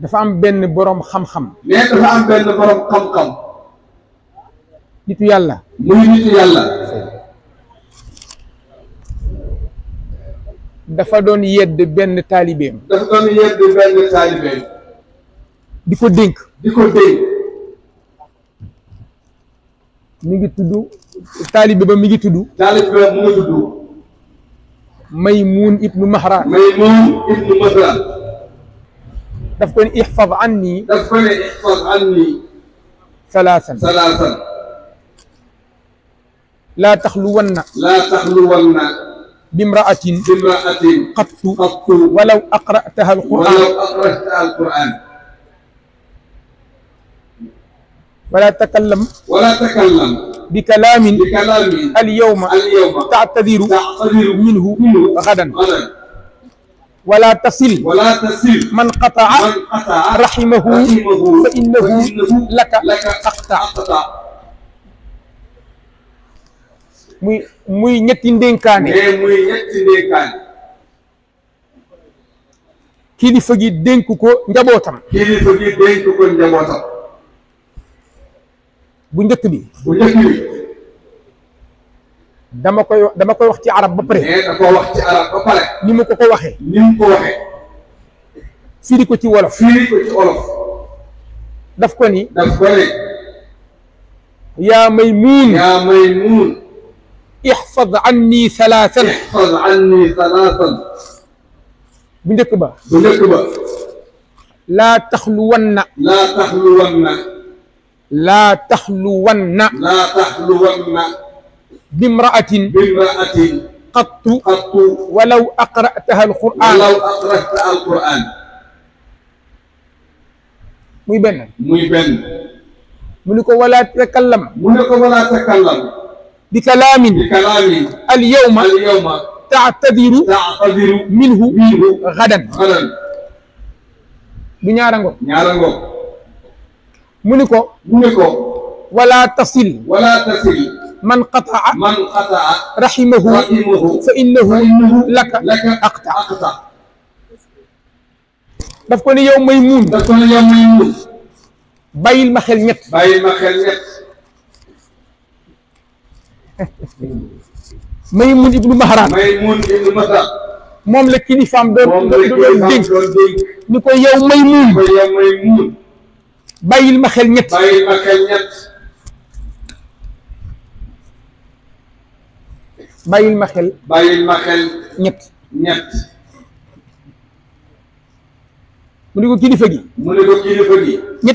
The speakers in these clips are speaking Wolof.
dafa am benn boroom xam-xam. mais dafa am benn boroom xam-xam. nitu yàlla. muy nitu yàlla. dafa doon yedd benn taalibeem. benn taalibeem. di ko dénk. di ko dénk. mi ngi tudd taalibe ba mi ngi tudd. taalibe ba mu ngi tudd. Maymuun ibnu Mahran. Maymuun ibnu daf ko ne ixfad anni daf ko ne ixfad anni salaasan salaasan laa taxluwanna laa taxluwanna bimraatin bimraatin qattu qattu walaw aqrataha alquran walaw aqrataha alquran ولا تكلم ولا تكلم بكلام بكلام اليوم اليوم تعتذر تعتذر منه, منه غدا غدا ولا تصل ولا تصل من قطع رحمه فإنه لك أقطع muy muy ñetti ndénkaane muy ñetti ndénkaane kilifa gi dénk ko njabootam kilifa gi dénk ko njabootam bu njëkk bi bu njëkk bi dama koy dama koy wax ci arab ba pare. nee na ko wax ci arab ba pare. ni mu ko ko waxee. ni mu ko waxee. firi ko ci wolof. firi ko ci wolof. daf ko ni. daf ko ni. yaa may muun. yaa may muun. ixfad anni salaasan. ixfad anni salaasan. bu njëkk ba. bu njëkk ba. laa taxluwanna. laa taxluwanna. laa taxluwanna. laa taxluwanna. bimra'atin bimra'atin qattu qattu walaw aqra'taha alquran walaw aqra'taha alquran muy benn muy benn mu ni ko walaa takallam mu ni ko walaa takallam bi kalaamin bi kalaamin al yawma al yawma taatadiru taatadiru minhu minhu gadan gadan du ñaarango ñaarango mu ni ko mu ni ko walaa tasil walaa tasil man qataa man qataa rahimahu fa innahu laka aqta daf ko ne yow may muun daf ko ne yow may muun bàyyil ma xel ñett bàyyil ma xel ñett Maymun ibnu Mahraan Maymun ibnu Mahraan moom la kilifaam doon doon dénk ni ko yow Maymun bàyyil ma xel ñett bàyyil ma xel ñett bàyyil ma xel bàyyil ma mu ni ko kilifa gi mu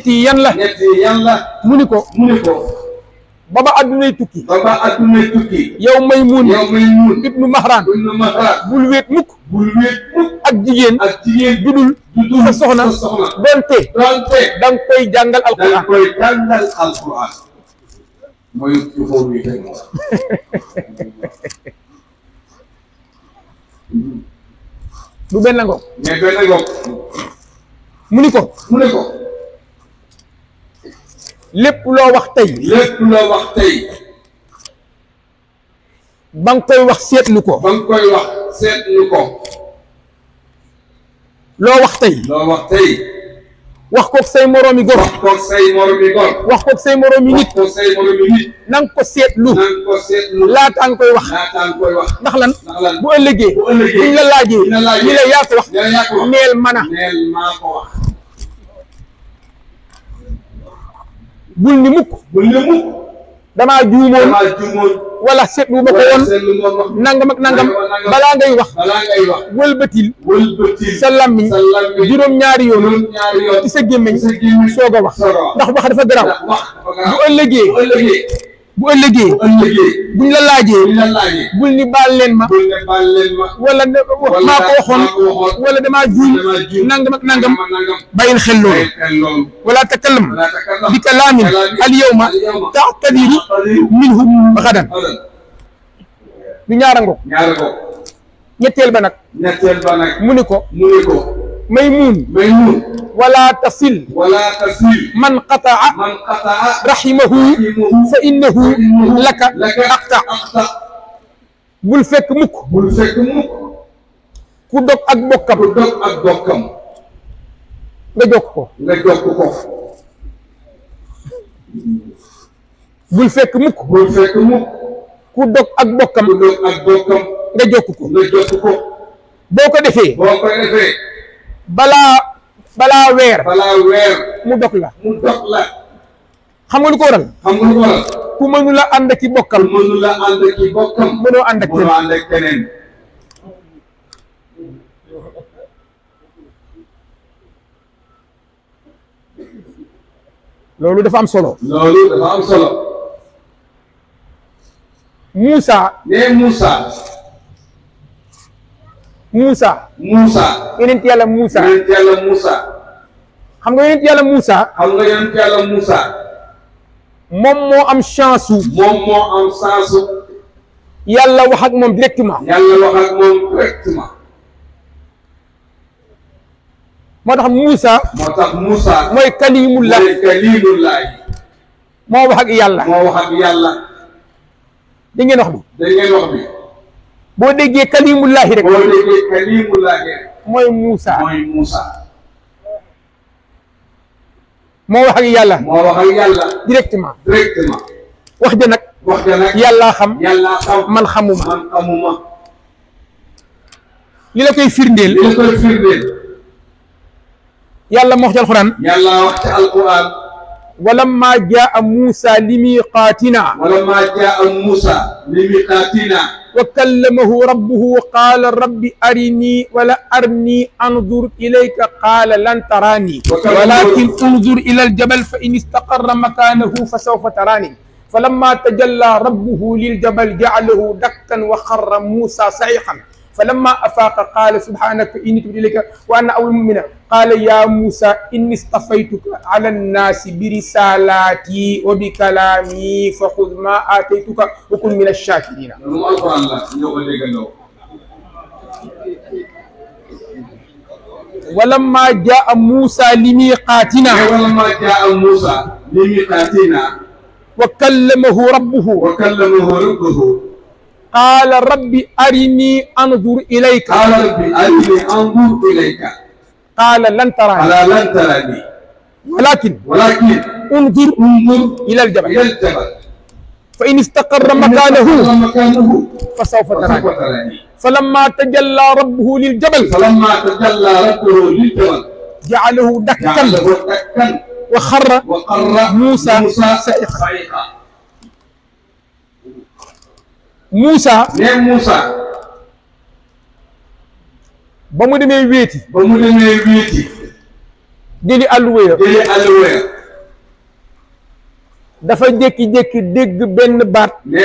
yi yan la ñett yi yan la mu ni ko mu ni ko ba ba addunay tukki ba ba addunay tukki yow Maymuun ibnu Mahraan ibnu Mahraan bul wéet ak jigéen ak jigéen judul judul sa soxna donte donte koy jàngal alquran da mooy lu foofu du benn ngoog mu ni ko mu ni ko lépp loo wax tey lépp loo wax koy wax seetlu ko ba nga koy wax ko loo wax tey loo wax tey wax koog say moromi góor wax koog say moromi góor wax koog say nit wax koog say moromi koy wax laataa nga bu ëllëgee buñ la laajee ñi la yaa ko wax neel mana neel ni mukk bul ni wala seetlu ma ko woon nangam ak nangam balaa ngay wax wëlbatil sa làmmiñ juróom-ñaari yoon ci sa gémmiñ soog a wax ndax wax dafa garaaw bu ëllëgee bu ëllëgee buñ la laajee bul ni baal leen ma wala maa ko waxoon wala damaa juum nangam ak nangam bàyyil xel loolu wala takallam bi kalaamin al yawma taatadiru minhu gadan du ñaara ngoog ñetteel ba nag mu ni ko maymuun maymuun wala tasil wala tasil man qataa man qataa rahimahu fa innahu laka aqta bul fekk mukk bul fekk mukk ku dog ak bokkam ku dog ak bokkam nga jokk ko nga jokk ko bul fekk mukk bul fekk mukk ku dog ak bokkam ku dog ak bokkam nga jokk ko nga jokk ko boo ko defee boo ko defee balaa balaa weer. mu dog la. mu dog la. xam nga lu ko waral. xam la ànd ki i bokkal. ku mënu la ànd ak bokkal. mënoo ànd ak keneen loolu dafa am solo. loolu dafa am solo. Moussa. nee Moussa. Moussa. yonent yàlla Moussa. yonent yàlla Moussa. xam nga yàlla Moussa. xam nga yonent yàlla am chance su. moom moo am chance yàlla wax moom directement. yàlla moo tax Moussa. moo tax Moussa. mooy kalimullah. mooy kalimullah. moo wax ak yàlla. moo wax yàlla. da boo déggee kalimullahi rek. boo déggee kalimullahi rek. mooy Moussa mooy Moussa. moo wax ak yàlla. moo wax ak yàlla. directement directement. wax ja nag. wax ja nag yàllaa xam. yàllaa xam man xamuma. man xamuma. li la koy firndeel. li la koy firndeel. yàlla moo wax ci alquran. yàlla wax ci alquran. walammaa jaa Muusa limiqaatina. walammaa jaa Muusa limiqaatina. wa kallamahu rabbuhu qaala rabbi arinii wala arnii anzur ilayka qaala lan taraanii walakin unzur ila aljabal fa in istaqarra makaanahu fa sawfa taraanii fa lamma tajallaa rabbuhu liljabal ja'alahu dakkan wa xarra muusaa sa'iqan fa lamma afaaqa qaala subhaanaka innii tubtu ilayka wa ana awwalul mu'miniin qaala yaa muusa inni stafaytuka ala nnaasi bi risalaati wa bi kalaami fa xud ma aataytuka wa kun min ashakirina walamma jaa muusa li miqaatina walamma jaa muusa li miqaatina wa kallamahu rabbuhu wa kallamahu rabbuhu qaala rabbi arini anzur ilayka qaala rabbi arini anzur ilayka قال لن تراني قال لن تراني ولكن ولكن انظر انظر الى الجبل الى الجبل فان استقر مكانه مكانه فسوف تراني فلما تجلى ربه للجبل فلما تجلى ربه للجبل جعله دكا وخر وقر موسى, موسى سائقا موسى موسى ba mu demee wéeti ba mu demee dafa jékki-jékki dégg benn baat ne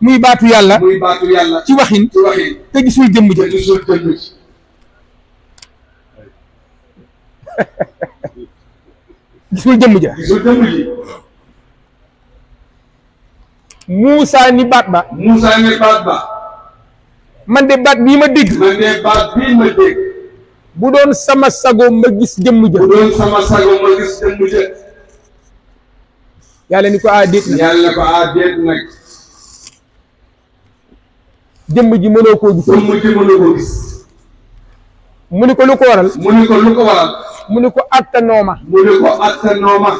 muy baatu yàlla ci waxin ci te gisul jëmm ji te gisul jëmm ji gisul ni baat ba man de baat bii ma dégg. man bu doon sama sago ma gis jëmm ja. yàlla ni ko ah, a ah, déet nag. jëmm ji mënoo koo gis. jëmm ji mënoo koo gis. mu ni ko lu ko waral. mu ni ko lu ko waral.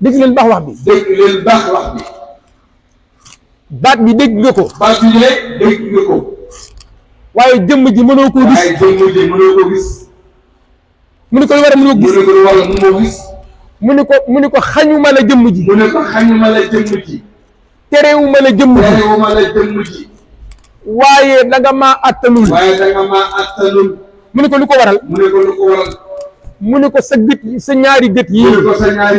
dégg leen baax baax wax bi. baat bi dégg nga ko. baat bi dégg nga ko. waaye jëmm ji mënoo koo gis waaye ko lu war a ko gis. mu ni ko mu ni ko xañuma la jëmm ji. mu ni ko xañuma la jëmm ji. waaye da maa attanul. waaye ko lu ko waral. mu ko lu ko waral. sa gët sa ñaari gët yii. mu ko wu man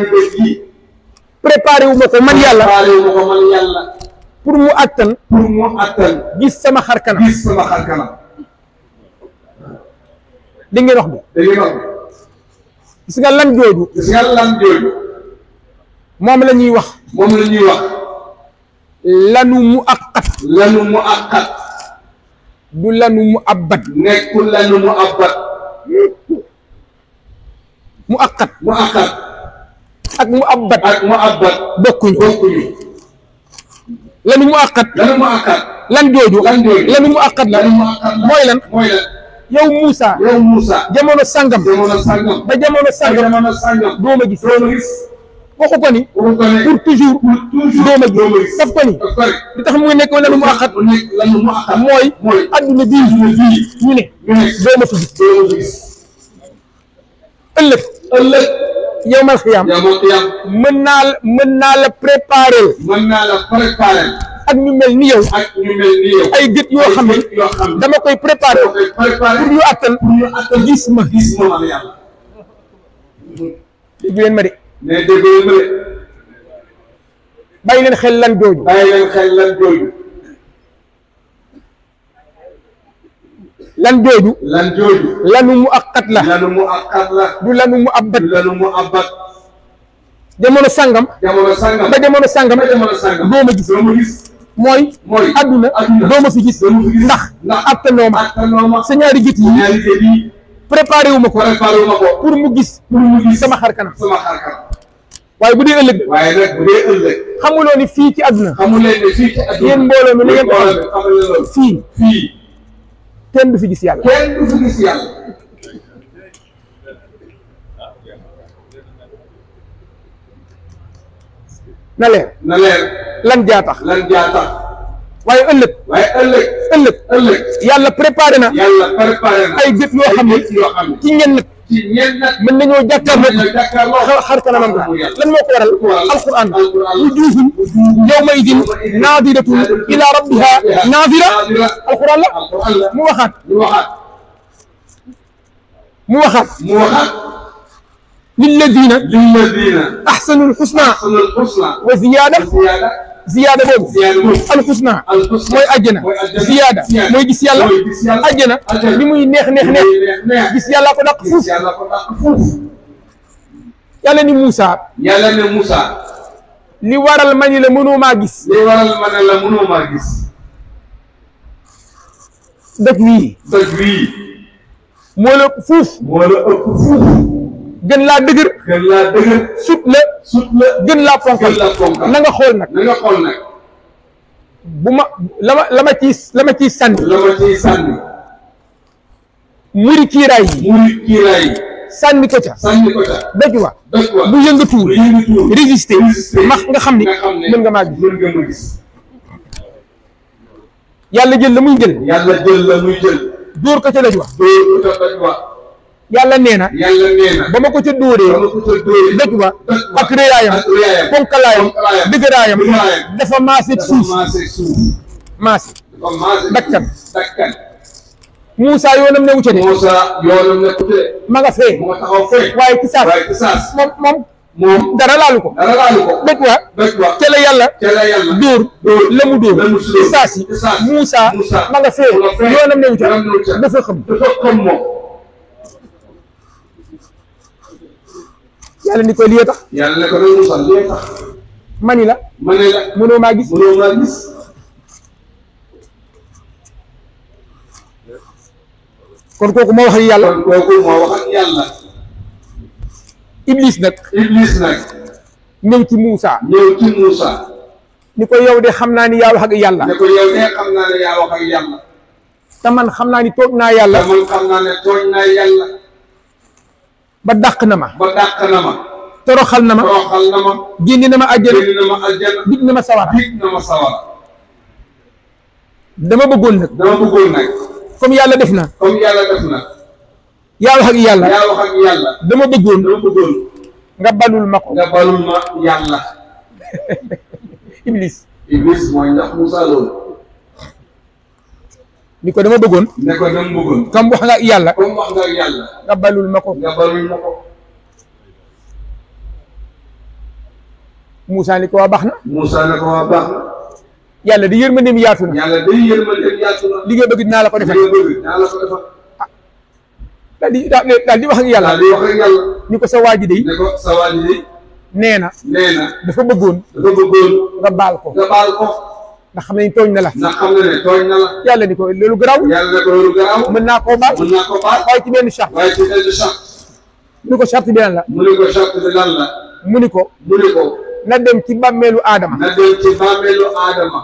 yàlla. préparé ko man yàlla. pour mu attan. pour gis sama xar kanam gis sama xar kanam. dégg wax bi. dégg ngeen lan jooju. gis nga lan jooju. moom la ñuy wax. moom la ñuy wax. lanu mu àqat. lanu mu àqat. du lanu mu abbat. nekkul lanu mu abbat. mu àqat. ak mu abbat. bokkuñu. lanu mu àqat lan jooju lanu mu àqat la mooy lan yow Moussa jamono sàngam ba jamono sàngam a ma gis waxu ko ni pour toujours doo ma gis daf ko ni li tax muy nekk lanu mu àqat mooy adduna bii ñu ne doo ma fi gis ëllëg yowmal xiyaam yowmal xiyaam mën naa la mën naa la préparer mën ak ñu mel ay gët yoo xam ne dama koy préparer pour ñu attan gis ma gis ma am leen xel lan jooju bàyyi lan jooju lan jooju lanu mu akkat la lanu mu akkat la du lanu mu abbat du lanu mu abbat jamono sangam jamono sangam ba jamono sangam doo ma gis doo ma gis mooy mooy adduna doo ma fi gis ndax attanoo ma sa ñaari gët yi préparé wu ma ko pour mu gis pour mu gis sama xar kanam sama xar kanam waaye bu dee ëllëg waaye nag bu dee ëllëg xamuloo ni fii ci adduna xamuloo ni fii ci adduna yéen mbooloo mi ni ngeen ko fii fii kenn du fi gis yàlla. kenn du fi gis yàlla. na lan jaa tax. lan jaa waaye ëllëg. waaye ëllëg. ëllëg. ëllëg. yàlla préparé na. yàlla préparé ay bët yoo xam ne ci mën nañoo jàkkaarloo xar kanamam lan moo ko waral alquran wujuhun yawma idin naadiratun ila rabbiha naadira alquran la mu waxaat mu waxaat lilladina ahsanu alxusna wa ziyaada ziyaada boobu alxusna mooy àjjana ziyaada mooy gis yàlla àjjana li muy neex neex neex gis yàlla ko dàq fuuf yàlla ni Moussa yàlla ni Moussa li waral ma ni la mënoo maa gis li waral ma ne la mënoo maa gis dëkk wii dëkk fuuf moo la fuuf gën laa dëgër gën laa sut la gën laa fonkal na nanga xool nag na nga bu ma la ma la ma ciy la ma ciy sànni la ma ciy muri kiiraay yi yi sànni ko ca sànni ko ca doj bu yëngatuwul résister max nga xam ni mën nga maa gis ma gis yàlla jël la muy jël yàlla jël ko ca doj yàlla nee na ba ma ko ca dóoree dëkk ba ak réyaayam ponkalaayam dëgëraayam dafa maaseeg suuf maase dakkan Moussa yoonam ne wucce de ma nga fee waaye kisaas moom dara laalu ko dëkk ba ca la yàlla dóor la mu dóor saasi Moussa ma fee yoonam ne wucce dafa xam moom yàlla ni ko lii tax. mani la. mani la mënoo kon kooku wax ak Iblis nag. Iblis nag. ñëw ci Moussa. ñëw ni ko yow de xam naa ni yaa wax ak xam naa ne toog naa yàlla. te xam naa toog naa yàlla. ba daq na ma ba dàq na ma toroxal na ma toroxal na ma génne na ma àjjana génne na ma àjjana dig na ma sawara dig ma sawara dama bëggoon nag dama bëggoon nag comme yàlla def na comme yàlla def yàlla yaa wax ak nga balul ma ko nga balul ma yàlla iblis iblis mooy ndax Moussa ni ko dama bëggoon. ne ko dama bëggoon. nga ak yàlla. comme wax nga ma ko. nga balul ma ko. Moussa ni ko waa baax na. Moussa ne ko waa baax na. yàlla di yërmandeem yaatu na. la ko defal. li nga la ah. di daal di yàlla. daal di ni ko sa waa ji de. ne ko sa waa ji de. nee na. dafa bëggoon. nga baal ko. ndax na xam na ne tooñ na la yàlla ni ko loolu garaaw yàlla ni ko mën naa baal waaye ci benn charte waaye ko charte bi lan la mu ni ko charte bi lan la mu ni ko mu ni na dem ci bàmmeelu aadama na dem ci bàmmeelu aadama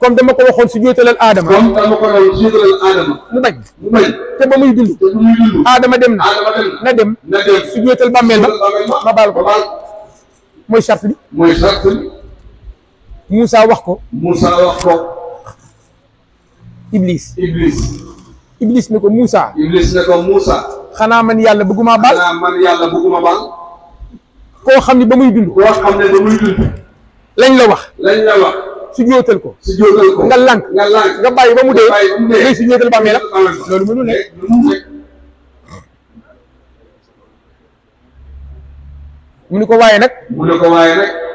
comme dama ko waxoon si jóotalal aadama comme dama ko aadama mu bañ mu bañ te ba muy dund te ba dem na dem na dem si jóotal bàmmeel ma baal ko mooy mooy charte bi Moussa wax ko. Moussa wax ko. Iblis. Iblis. ne ko Moussa. Iblis ne ko Moussa. xanaa man yàlla bëgguma baal. xanaa man yàlla bëgguma baal. koo xam ne ba muy dund. lañ la wax. lañ la wax. su jóotal ko. su jóotal nga lànk. nga lànk nga bàyyi ba mu dee. ngay su jóotal ba meelam. loolu mënul nekk. mu ko waaye nag. mu ne ko waaye nag.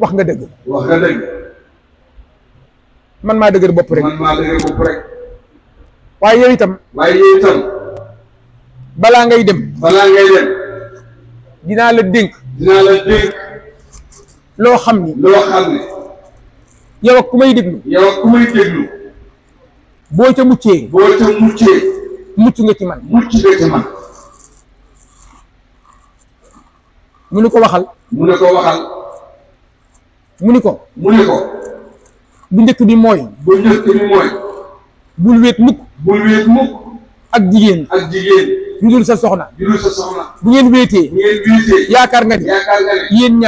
wax nga dëgg. wax man maa dëgër bopp rek. waaye yow itam. balaa ngay dem. balaa ngay dem. dinaa la dénk. dinaa la dénk. loo xam ni. loo xam ni. yow ak ku déglu. yow ak ku déglu. boo ca muccee. mucc nga ci man. mucc nga ci man. mu ko waxal. mu ne ko waxal. mu ni ko mu ni bu njëkk bi mooy bu njëkk bi mooy bul wéet mukk ak jigéen ak jigéen ñu sa soxna bu ngeen wéetee bu ngeen yaakaar nga ni yaakaar ñaar yéen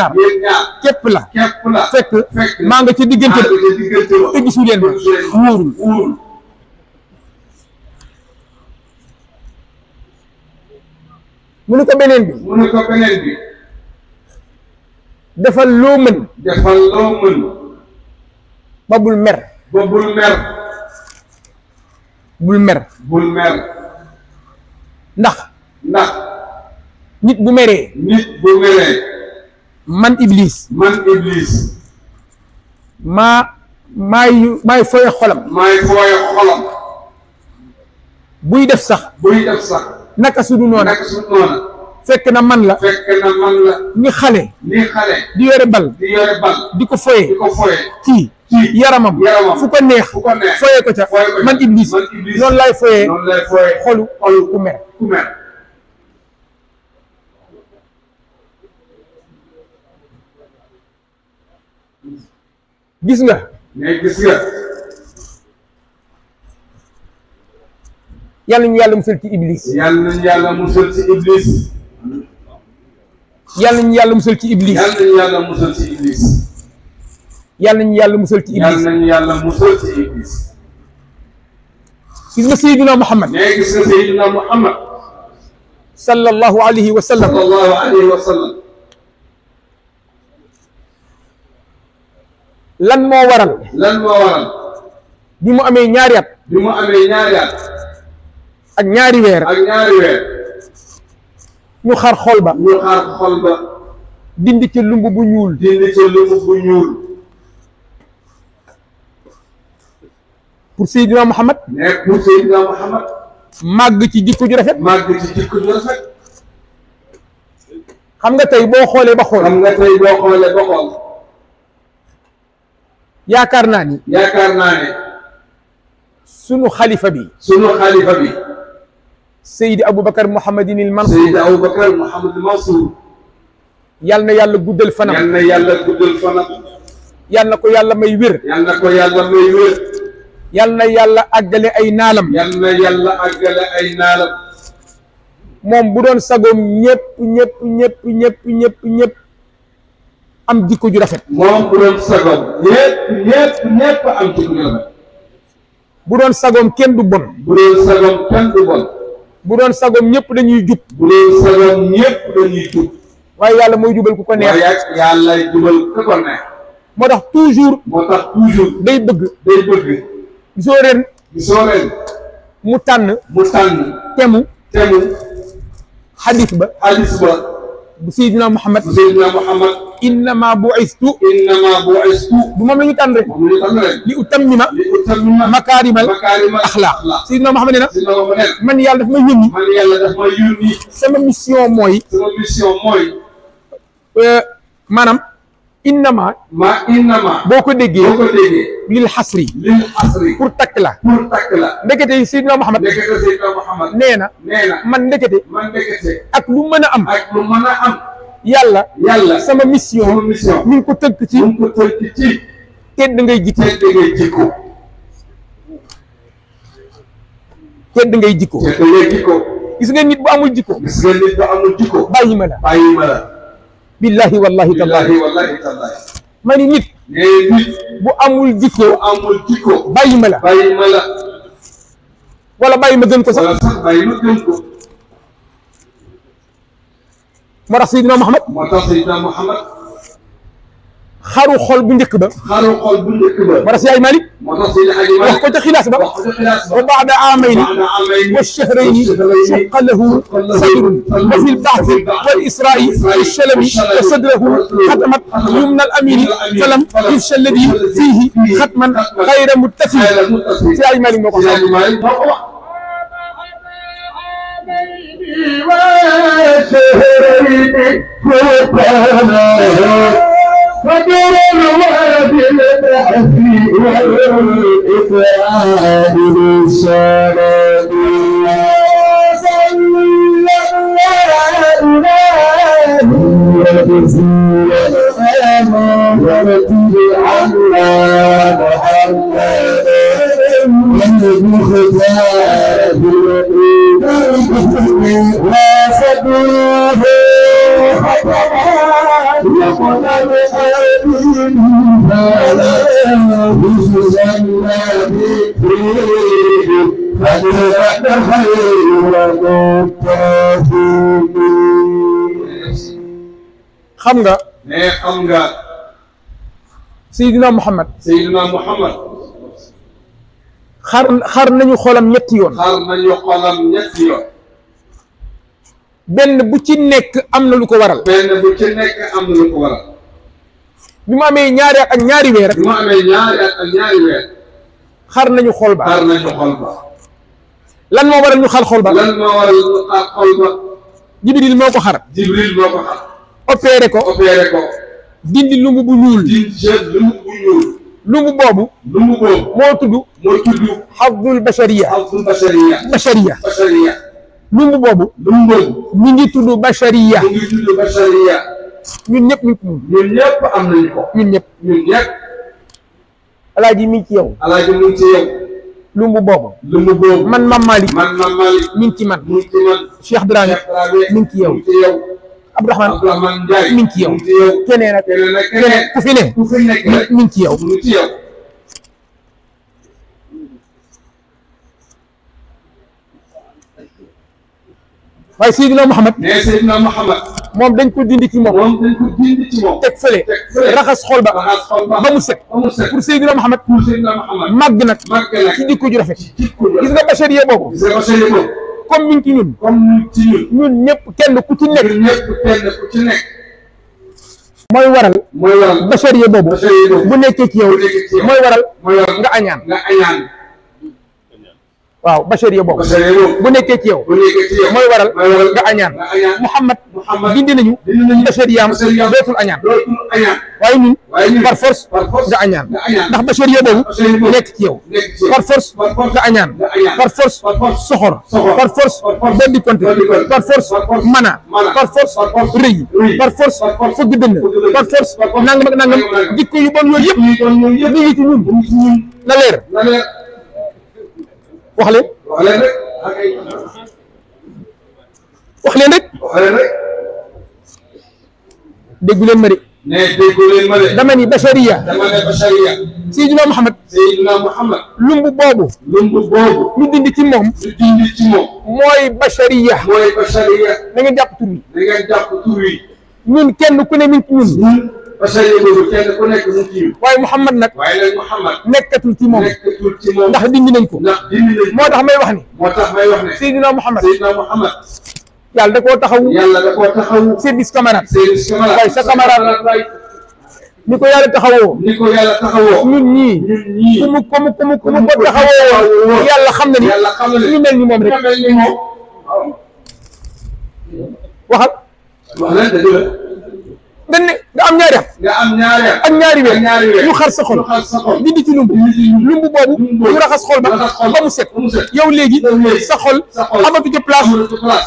la képp fekk maa nga ca diggante ba te ma wóorul mu ni ko beneen bi defal loo mën defal ba bul mer ba bul mer bul mer ndax ndax nit bu meree nit bu meree man iblis man maa maay maay fooye xolam maay fooye xolam buy def sax buy def sax naka su fekk na man la fekk ni xale ni xale di yore bal di yore bal di ko foye di ko yaramam fu ko neex foye ko ca man iblis noonu laay foye xolu xolu ku mer gis nga gis yàlla ñu yàlla mu ci iblis yàlla ñu ci iblis yàlla nañu yàlla musal ci iblis yàlla nañu yàlla musal ci iblis yàlla nañu yàlla musal ci iblis yàlla nañu yàlla musal ci iblis gis nga Seydina Muhammad nee gis nga Seydina Muhammad sallallahu alayhi wa sallam sallallahu alayhi wa sallam lan moo waral lan moo waral bi mu amee ñaari at bi mu amee ñaari at ak ñaari weer ak ñaari weer ñu xar xol ba ñu xar xol ba dindi ca bu ñuul dindi ca Muhammad nekk ci jikko ju rafet màgg xam nga tey boo xoolee ba xool xam nga tey yaakaar naa ni naa ne sunu xalifa bi sunu xalifa bi Seydi Aboubacar Mouhamadin il Mansour Seydi Aboubacar Mouhamadin Mansour yal na yàlla guddal fanam yal na yàlla guddal fanam yal na ko yàlla may wér yal na ko yàlla may wér yal na yàlla àggale ay naalam yal na yàlla àggale ay naalam moom bu doon sagoom ñëpp ñëpp ñëpp ñëpp ñëpp ñëpp am jikko ju rafet moom bu doon sagoom ñëpp ñëpp ñëpp am jikko ju rafet bu doon sagoom kenn du bon bu doon sagoom kenn du bon bu doon sagom ñëpp dañuy jub. waaye yàlla mooy jubal ku ko neex. ko neex. moo tax toujours. moo tax toujours. day bëgg. day bëgg. gisoo ren. gisoo ren. mu tànn. temu. temu. xadis ba. xadis ba. bu Seydina Muhammad Seydina Muhammad innama bu'istu innama bu'istu bu moom la ñu tànn rek li utammima li utammima makaarimal axlaaq Seydina Muhammad nee na man yàlla daf may yónni man yàlla daf may yónni sama mission mooy sama mission mooy euh, maanaam innama ma innama boo ko déggee boo ko déggee lil xasri lil xasri pour takk la pour ndekete Seydina Muhammad Muhammad nee na nee na man ndekete man ndekete ak lu mën a am ak lu mën am yàlla yàlla sama mission sama mission mi ngi ko tënk ci tedd ngay jikko tedd ngay jikko tedd ngay jikko tedd nit bu amul jikko gis nga nit bu amul jikko bàyyi ma billahi wallahi tallahi ma ni nit bu amul jikko amul jikko bàyyi ma la bàyyi ma la wala bàyyi ma gën ko sax bàyyi ma gën ko moo tax Seydina Muhammad moo tax Seydina Muhammad xaru xol bu njëkk ba xaru xol bu njëkk ba moo tax Seydi Malick wax ko ca xilaas ba wa baada amayni wa shahrayni suqa lahu sadrun wa fi lbaxthi wal israai shalami wa sadrahu xatamat yumna al amini falam yufsha alladi fiihi xatman xayra muttafi Seydi Malick moo ko wax وشهرين سلطانه فدور الواد البحث والإفعال الصلاة وتزيل الأمان وتجي عنا محمد من المختار بالإيمان حسبوه حسبا ومن الأبين فلا حسبا لذكره قد رأت خير xam nga. mais xam nga. Seydina Muhammad. Seydina Muhammad. xar xar nañu xolam ñetti yoon. xar nañu xolam ñetti yoon. benn bu ci nekk am na lu ko waral. benn bu ci am ko waral. bi mu amee ñaari ak ñaari weer. bi mu ñaari weer. xar nañu xol ba. xar nañu xol lan moo waral ñu xal xol ba. moo jibril moo ko xar. jibril ko xar. opéré dindi lumbu bu ñuul. dindi lumbu bu ñuul. lumbu boobu. lumbu boobu moo tudd. moo tudd. xafdul bashariya. lumb boobu. lumb ñu ngi tudd bachariya. ñu ngi tudd bachariya. ñun ñëpp ñu ñun ñëpp am nañu ko. ñun ñëpp ñun ñëpp. alaaji mi ci yow. alaaji mi ci yow. lumb boobu. lumb boobu man Mame Malick. man Mame Malick. mi ngi ci man. mi ngi ci man Cheikh Dramé. mi ngi ci yow. mi ngi ci yow. Abdourahmane. Abdourahmane Ndiaye mi ngi ci yow. keneen ak keneen ku fi ne. ku fi ne mi ngi ci yow. mi ngi ci yow. waaye Seydina Mouhamed. nee Seydina Mouhamed. moom dañ ko dindi ci moom. moom dañ ko dindi ci moom. teg fële. teg fële raxas xol ba. raxas xol ba ba mu set. ba mu set pour Seydina Mouhamed. pour Seydina Mouhamed. màgg nag. màgg nag ci jikko ju rafet. gis nga bachar yee boobu. gis nga bachar yee boobu. comme mi ngi ci ñun. comme mi ngi ci ñun. ñun ñëpp kenn ku ci nekk. ñun ñëpp kenn ku ci nekk. mooy waral. mooy waral bachar yee boobu. bachar yee boobu bu nekkee ci yow. bu nekkee ci yow mooy waral. mooy waral nga añaan nga añaan. waaw bachariya boobu bu nekkee ci yow mooy waral nga añaan Muhammad dindi nañu bachariyaam dootul añaan waaye ñun par force nga añaan ndax bachariya boobu nekk ci yow par force nga añaan par force soxor par force boddi konte par force mana par force rëy par force fëgg dënn par force nangam nangam jikko yu bon yooyu wax leen. wax leen rek. wax leen rek. wax leen rek. déggu leen ma de. ne déggu leen ma de. dama ni Bachariya. dama ne Bachariya. Seydina Muhammad. Seydina Muhammad. lumbu boobu. lumbu boobu. ñu dindi ci moom. ñu dindi ci moom. mooy Bachariya. mooy Bachariya. na ngeen jàpp tur wi. na ngeen jàpp tur wi. ñun kenn ku ne mi ngi ci ñun. kenn ku nekk mu ci waaye Mouhamad nag. waaye nag Mouhamad. nekkatul ci moom nekkatul ci moom ndax dindi nañ ko. ndax dindi nañ ko moo tax may wax ni. moo tax may wax ne. Seydina Mouhamad Seydina Mouhamad. yàlla da koo taxawu. yàlla da koo taxawu. service camarade. service camarade waaye sa camarade. ni ko yàlla taxawoo ni ko yàlla taxawoo ñun ñii ñun ñii ku mu ku mu ku mu ku mu ko taxawoo yàlla xam na ni ñu mel ni moom rek waxal wax la dëgg la dañ ne am ñaari at. nga am ñaari at ak ñaari weer. ñu xar sa xol. ñu di ci lumb. lumb boobu ñu raxas xol ba ba mu set. yow léegi sa xol amatu ca place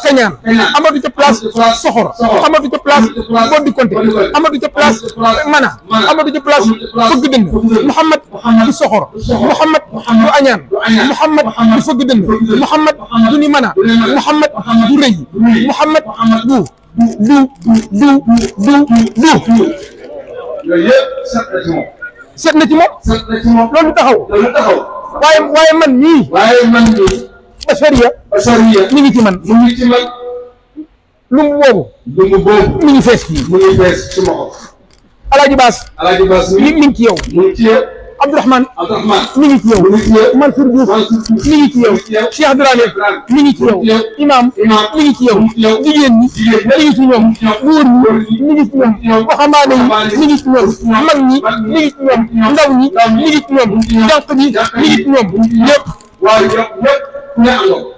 kañaan amatu ca place soxor amatu ca place boddi konte amatu ca place mana amatu ca place fëgg dënn Muhammad du soxor Muhammad du añaan Muhammad du bu dënn Muhammad du ni mana Muhammad du rëy Muhammad du du du du du yooyu yëpp set na ci moom. set na ci moom. set na ci moom loolu taxaw. loolu taxaw. waaye man ñii. waaye man ñii. basariya. basariya mi ngi ci man. mi ngi ci man. lumu boobu. lumu boobu. mi ko. Alaaji Baas. Alaaji Baas mi ngi ci yow. ci yow. Abdourahmane mi ngi ci yow Mansour Diouf mi ngi ci yow Cheikh Dramé mi ngi ci yow Imaam mi ngi ci yow jigéen ñi mi ngi ci ñoom góor ñi mi ngi ci ñoom waxambaane yi mi ngi ci ñoom mag ñi mi ngi ci ñoom ndaw ñi mi ngi ci ñoom jànq ñi mi ngi ci ñoom ñëpp loolu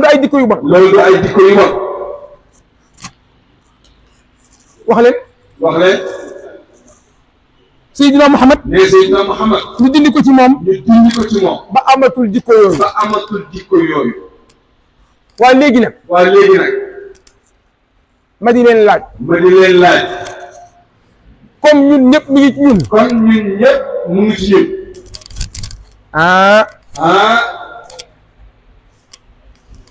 du ay dikko yu bon loolu du ay dikko yu bon wax leen. wax leen. Seydina Muhammad. nee Seydina Muhammad. ñu dindi ko ci moom. moom. ba amatul jikko yooyu. ba waa léegi nag. waa léegi nag. ma leen laaj. ma laaj. comme ñun ñëpp mu ngi ci ñun. mu ngi ci ñun.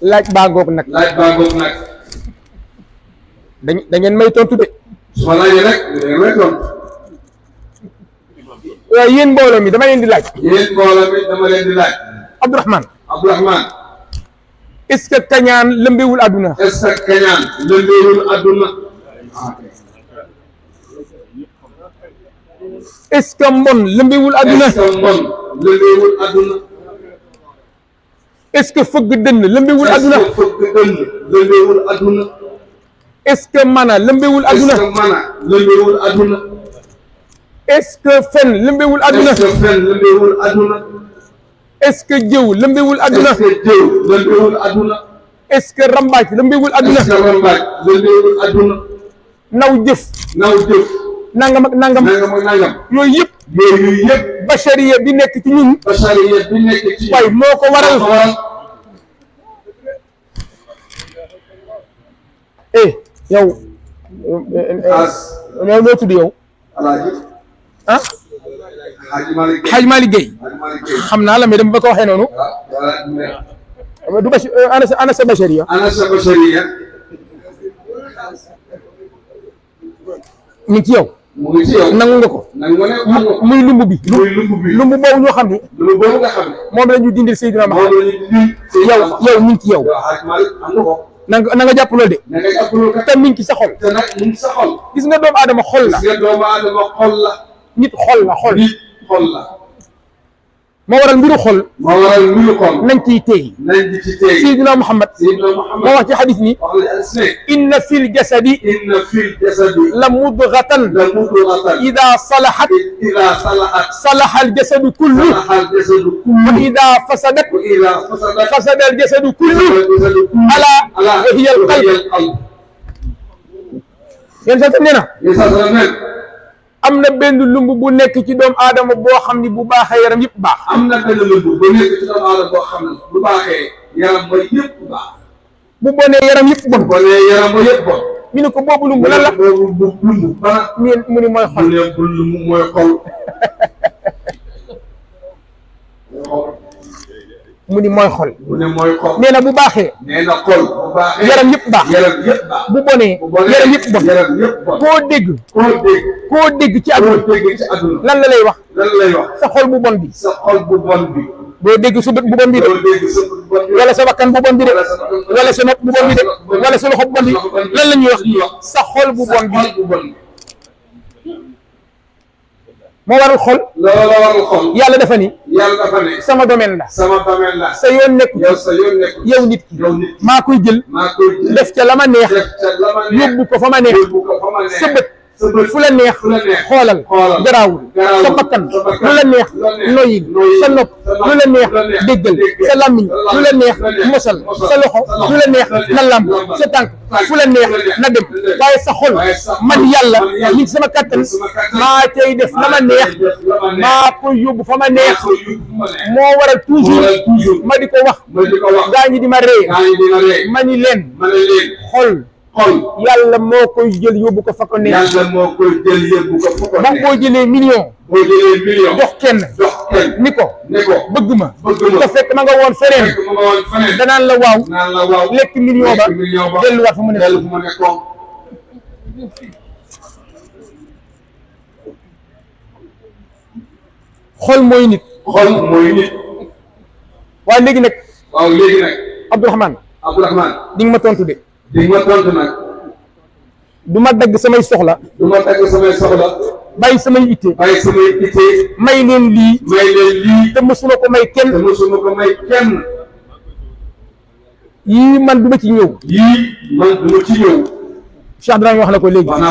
laaj baa ngoog nag. laaj baa ngoog may tontu de. su ma laajee rek dina may tontu. waaw yéen mbooloo mi dama leen di laaj. yéen mbooloo mi dama leen di laaj. Abdourahman. Abdourahman. est-ce que kañaan lëmbewul àdduna. est-ce que kañaan lëmbewul àdduna. est-ce que mbon lëmbewul àdduna. est-ce que mbon lëmbewul àdduna. est-ce que fëgg dënn lëmbewul àdduna. est-ce que fëgg dënn lëmbewul àdduna. est-ce que mana lëmbewul aduna ce que mana lëmbewul aduna est-ce que fen lëmbewul aduna est-ce que fen lëmbewul aduna aduna est-ce jëw lëmbewul aduna aduna est-ce que rambaaj lëmbewul aduna naw jëf naw nangam ak yëpp yooyu bi nekk ci ñun bachariya bi nekk ci waay moo ko waral eh yow. loolu loo eh, eh, eh, tudd yow. ah. Xaaj Malick Gueye xam naa la mais dama ba ko waxee noonu. Ah, du ana sa ana sa bachariya. ana sa mu ci yow nangu nga ko. nangu nga ko muy lumb bi. muy lumb xam moom la ñu dindil Seydina Mahamed. moom la mi ngi ci yow. waaw na nga na nga jàpp loolu de. na nga jàpp loolu kat te mi ngi ci sa xol. te nag mi ngi sa xol. gis nga doomu aadama xol la. gis nga doomu aadama xol la. nit xol la xol. nit xol la. moo waral mbiru xol moo waral mbiru xol nañ ciy téy nañ ci téy Seydina Muhammad moo wax ci xadis ni inna fil jasadi inna fil jasadi la mudghatan la mudghatan ida salahat ida salahat salaha al jasadu kullu wa ida fasadat fasada al jasadu kullu ala wa hiya al qalb yéen sant nee na am na benn lumb bu nekk ci doomu aadama boo xam ni bu baaxee yaram yëpp baax. am na benn lumb bu nekk ci doomu aadama boo xam ne bu baaxee yaram ba yëpp baax. bu bonee yaram yëpp bon. bu bonee yaram ba yëpp bon. ne ko boobu lumb lan la mu ni mooy xol. mu ni mooy xol nee na bu baaxee. na xol bu baaxee yaram yëpp bu bonee. yaram yëpp bon. yaram yëpp bon koo dégg. koo koo dégg ci àdduna. koo lan la lay wax. lan lay sa xol bu bon bi. sa xol bu bon bi. dégg sa bët bu bon bi de. wala sa bakkan bu bon bi de. wala sa nopp bu bon bi de. wala sa loxo bu bon bi lan la ñuy wax. sa xol bu bon bi. moo warul xol. xol. yàlla dafa ni. yàlla dafa ne sama domaine la sama domaine la sa yoon nekku yow sa yoon nekku yow nit ki maa koy jël maa koy jël def ca la ma neex yóbbu ko fa ma neex sa bët fu la neex xoolal garaawul sa bakkan lu la neex noyyi sa nopp la neex déggal sa làmmiñ lu la neex mosal sa loxo lu la neex na làmb sa tànk fu la na dem sa xol man yàlla li sama kattan maa cay def na ma neex maa koy yóbbu neex moo waral toujours ma di ko wax gaa ñi di ma ree ma ni leen xol xol yàlla moo koy jël yóbbu ko fa ko neex yàlla million jox kenn ni ko ni ko bëgg ma te fekk ma nga woon feneen danaan la waaw lekk million ba delluwaat fu mu nekkoon xol mooy nit xol léegi nag waaw léegi ma tontu de li ma tontu nag. samay soxla. du samay soxla. may leen lii. may leen lii. te mësuma ko may kenn. te mësuma ko may yii man du ma ci ñëw. yii man du ma ci ñëw. Cheikh Dramé wax na ko léegi. wax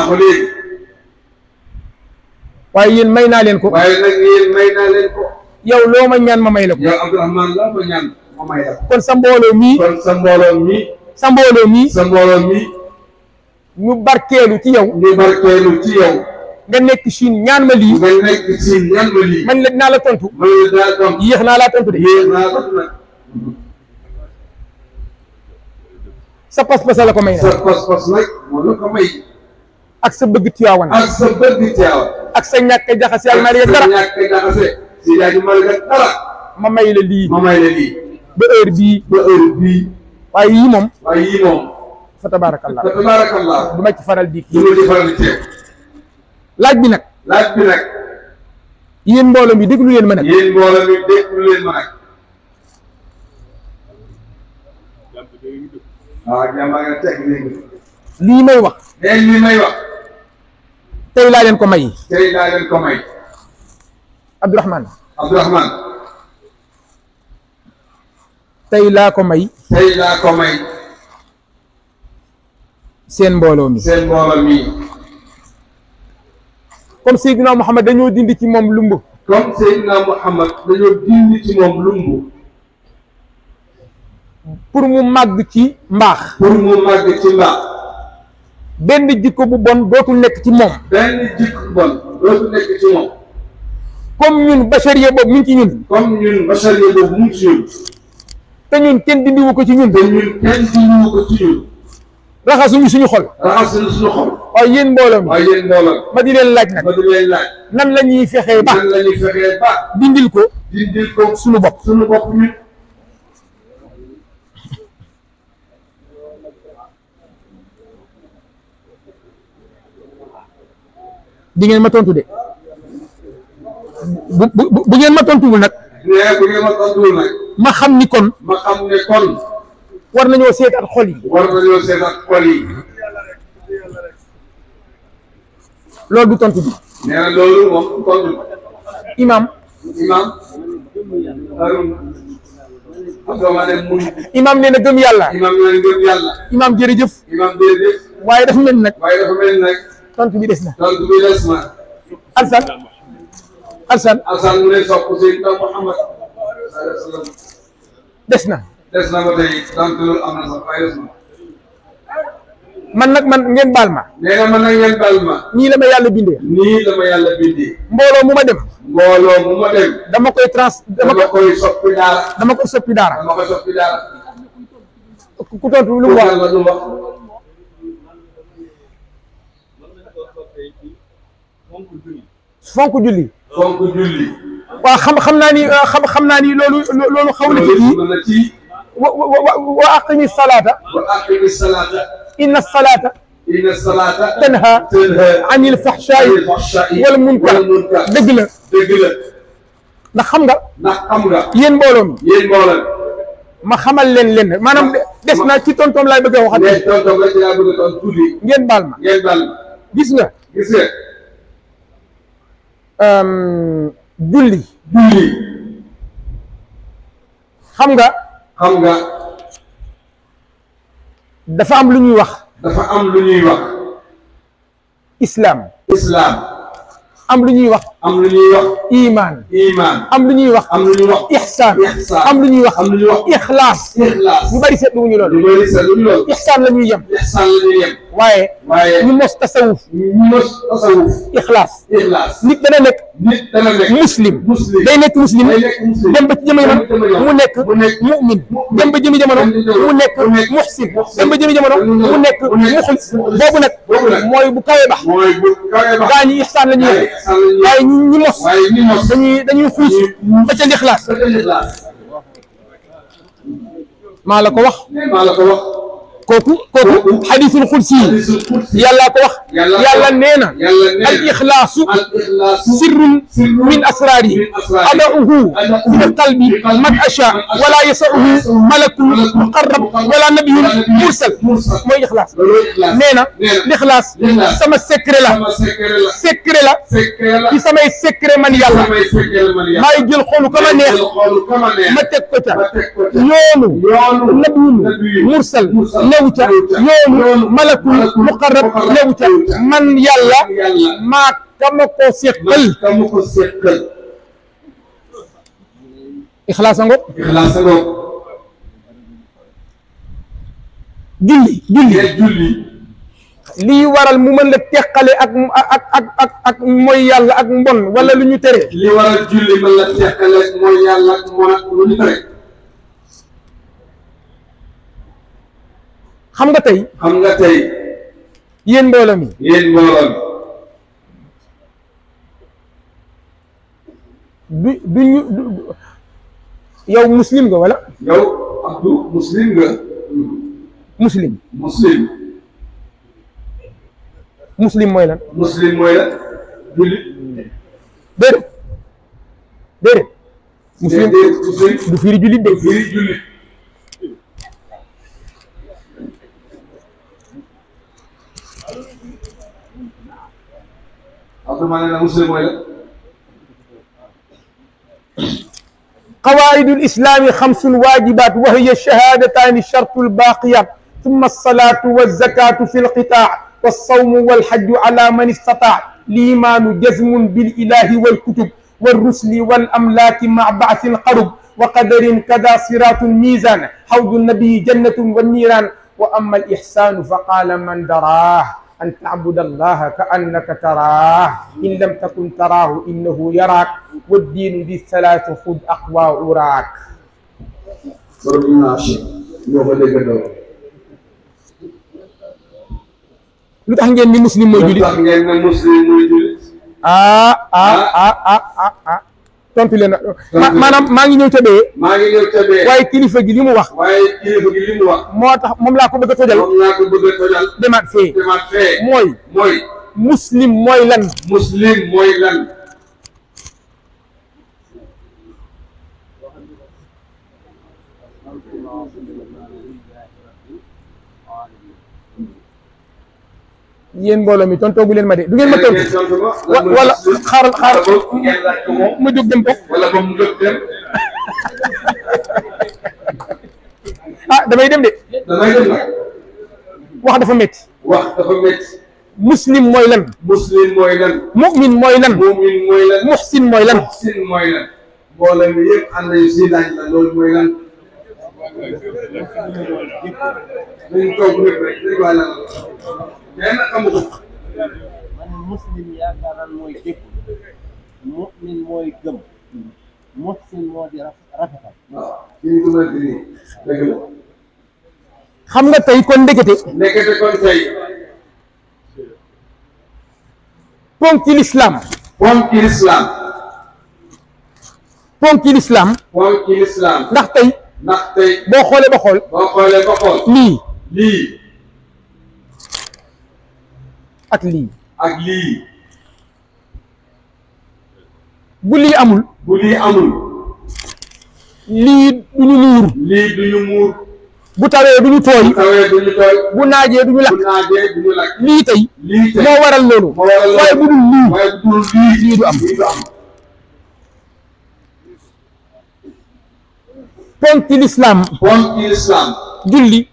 waaye yéen may naa leen ko. waaye may naa loo ma ñaan ma may la ko. kon sa mbooloo mii. sa mbooloo mii sa mbooloo mii ñu barkeelu ci yow ñu barkeelu ci yow nga nekk Chine ñaan ma lii nga nekk Chine ñaan ma lii man la dinaa la tontu man la dinaa la tontu yéex naa laa tontu de yéex naa la tontu sa pas-pas la ko may sa pas-pas nag moo la ko may ak sa bëgg Tiwaawan ak sa bëgg Tiwaawan ak sa ñàkk jaxase ak Maalik dara ñàkk jaxase si yaa ji Maalik dara ma may la lii ma may la lii ba heure bii ba heure bii waaye yii moom. waaye yii moom. fa tabaarakallah fa tabaarakallah. du ma ci faral di. du ma ci faral di teew. laaj bi nag. laaj bi nag. yéen mbooloo mi ma nag. yéen mbooloo may wax. léegi lii may wax. tey laa leen ko may. tey tey laa ko may seen mbooloo mi seen mbooloo mi comme Seydina Mouhamed dañoo dindi ci moom lumbu comme Seydina mu màgg ci mbaax pour mu màgg ci mbaax benn jikko bu bon dootul nekk ci moom benn jikko bon dootul nekk ci moom comme ñun bachariya boobu mu ngi ci ñun comme ñun bachariya boobu mu ci ñun te kenn dindiwu ko ci ñun. te ñun kenn ko ci ñun. raxasuñu suñu xol. raxasuñu suñu xol. di leen laaj la ñuy fexee ñuy fexee ba. dindil ko. dindil suñu bopp. suñu bopp di ngeen ma tontu de bu bu bu ngeen ma tontuwul nag. nee bu ngeen ma tontu nag. ma xam ni kon. ma xam ne kon. war nañoo seetaat xol yi. war nañoo seetaat xol yi. loolu du tontu bi. nee na loolu moom tontu. imaam. imaam. imaam nee na gëm yàlla. imaam na gëm yàlla. imaam jërëjëf. imaam jërëjëf. waaye dafa mel ni nag. waaye dafa mel ni nag. tontu bi des na. tontu alsan alsan mu ne sopp Seydina Muhammad des na man nag man ngeen baal ma nee ma nii la yàlla bindee yàlla bindee mbooloo mu ma dem mbooloo mu ma dem dama koy trans daara dama koy soppi daara ku tontu lu mu wax lu mu fonk julli. waaw xam xam naa ni euh, xam xam naa ni loolu loolu xaw na ci. wa wa wa aqimi salaata. wa aqimi salaata. inna salaata. inna salaata. tanha. tanha anil fahshaa'i wal munkar dëgg la dëgg la. ndax xam nga. ndax xam nga. yéen mbooloo mi. yéen mbooloo mi. ma xamal leen leen maanaam des na ci tontoom laay bëgg a waxat. mais tontoom la ci laa bëgg a tontu tuuti. ngeen baal ma ngeen baal ma. gis nga. gis nga. Euh, julli julli xam nga xam nga dafa am lu ñuy wax dafa am lu ñuy wax islaam islaam am lu ñuy wax am lu ñuy wax iman iman am lu ñuy wax am lu ñuy wax ihsaan am lu ñuy wax am lu ñuy wax ixlaas ñu bëri seetlu wu ñu loolu ñu bëri seetlu wu ñu loolu ihsaan la ñuy yem ihsaan la ñuy yem waaye waaye ñu mos tasawuf ñu mos tasawuf ixlaas ixlaas nit dana nekk nit dana nekk muslim day nekk muslim dem ba ci jëmi jamono mu nekk mu'min dem ba jëmi jamono mu nekk muhsin dem ba jëmi jamono mu nekk muxlis boobu nag mooy bu kawe bax gaañi ihsaan la ñuy yem ñu los dañuy dañuy xuus ba ca a maa la ko wax maa la ko kooku kooku xadisul xudsi yàllaa ko wax yàlla nee na al ixlaasu sirrun min asraari adauhu fi qalbi man acha wala yasauhu malakun muqarrab wala nabiyun mursal mooy ixlaas nee na lixlaas sama secret la secret la ci samay secret man yàlla maay jël xoolu ka ma neex ma teg ko ca yoonu nabiyun mursal newu ca yoonu malakul muqarrab newu ca man yàlla maa kama ko séqal lii waral mu mën la teqale ak ak ak ak mbon wala lu ñu tere lii waral julli lu ñu tere xam nga tey xam nga tey yéen mbooloo mi yéen mbooloo mi du du ñu yow muslim nga wala yow abdu muslim nga muslim muslim muslim mooy lan muslim mooy lan jullit déedéet déedéet muslim du firi jullit de firi jullit Abdourahmane nag muslim mooy la قواعد الإسلام خمس واجبات وهي الشهادتان الشرط الباقيات ثم الصلاة والزكاة في القطاع والصوم والحج على من استطاع الإيمان جزم بالإله والكتب والرسل والأملاك مع بعث قرب وقدر كذا صراط ميزان حوض النبي جنة والنيران وأما الإحسان فقال من دراه an taabudallaha ka annaka taraah in lam takun taraahu innahu yaraak wa diinu di salaatu xud aqwa uraak borom naas ñoo ko déggandoo lu tax ngeen ni muslim mooy julit lu tax ngeen ne muslim mooy julit ah ah ah ah ah, ah. tontu leen maanaam maa ngi ñëw ca maa ngi waaye kilifa gi li mu wax. waaye moo tax moom laa ko bëgg a tojal. moom laa ko bëgg a tojal. demaat fee. demaat mooy. mooy. muslim mooy lan. muslim mooy lan. yéen mbooloo mi tontoogu leen ma de du ngeen ma tontu wala xaaral xaaral ma jóg dem toog ah damay dem de wax dafa métti wax dafa métti muslim mooy lan muslim mooy lan mu'min mooy lan mu'min mooy lan muhsin mooy lan muhsin mooy lan mbooloo mi yëpp ànd nañu si laaj la loolu mooy lan dañ toog rek rek kenn amu xam nga tey kon ndekete. ndekete kon tey. ponki lislaam. ponki ndax tey. ndax tey. xoolee xool. lii. ak lii ak lii bu lii amul bu lii amul lii du ñu muur lii du ñu bu tawee du ñu tooy bu naajee du lii tey moo waral loolu waaye bu dul lii lii du am ponki lislaam julli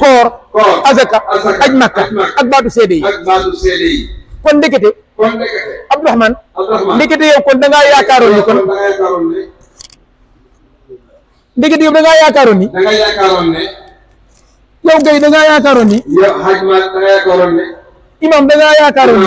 koor azaka aj makka ak baatu seede kon ndekete Abdourahmane ndekete yow kon da ngaa ni kon ndekete yow ni yow gay da ngaa ni imam da ngaa ni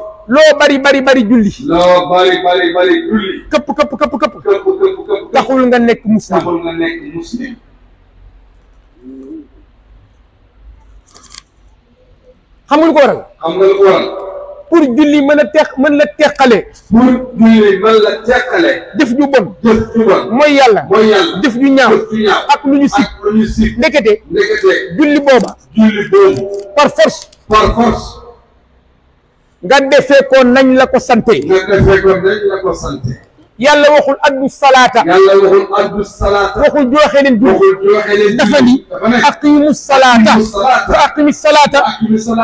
loo bari bari bari julli. loo bari bari këpp këpp këpp këpp. taxul nga nekk muslim. taxul nga nekk muslim. xam ko waral. xam nga lu ko julli mën a teq mën la teqale. pour jëf ju bon. mooy yàlla. mooy yàlla jëf ju ñaaw. jëf ju ak lu ñu si. ndekete. julli booba. par force. nga defee ko nañ la ko sante nga defee ko nañ la ko sante yàlla waxul addu salaata yàlla waxul addu salaata waxul jooxe leen du dafa ni aqimu salaata fa aqimi salaata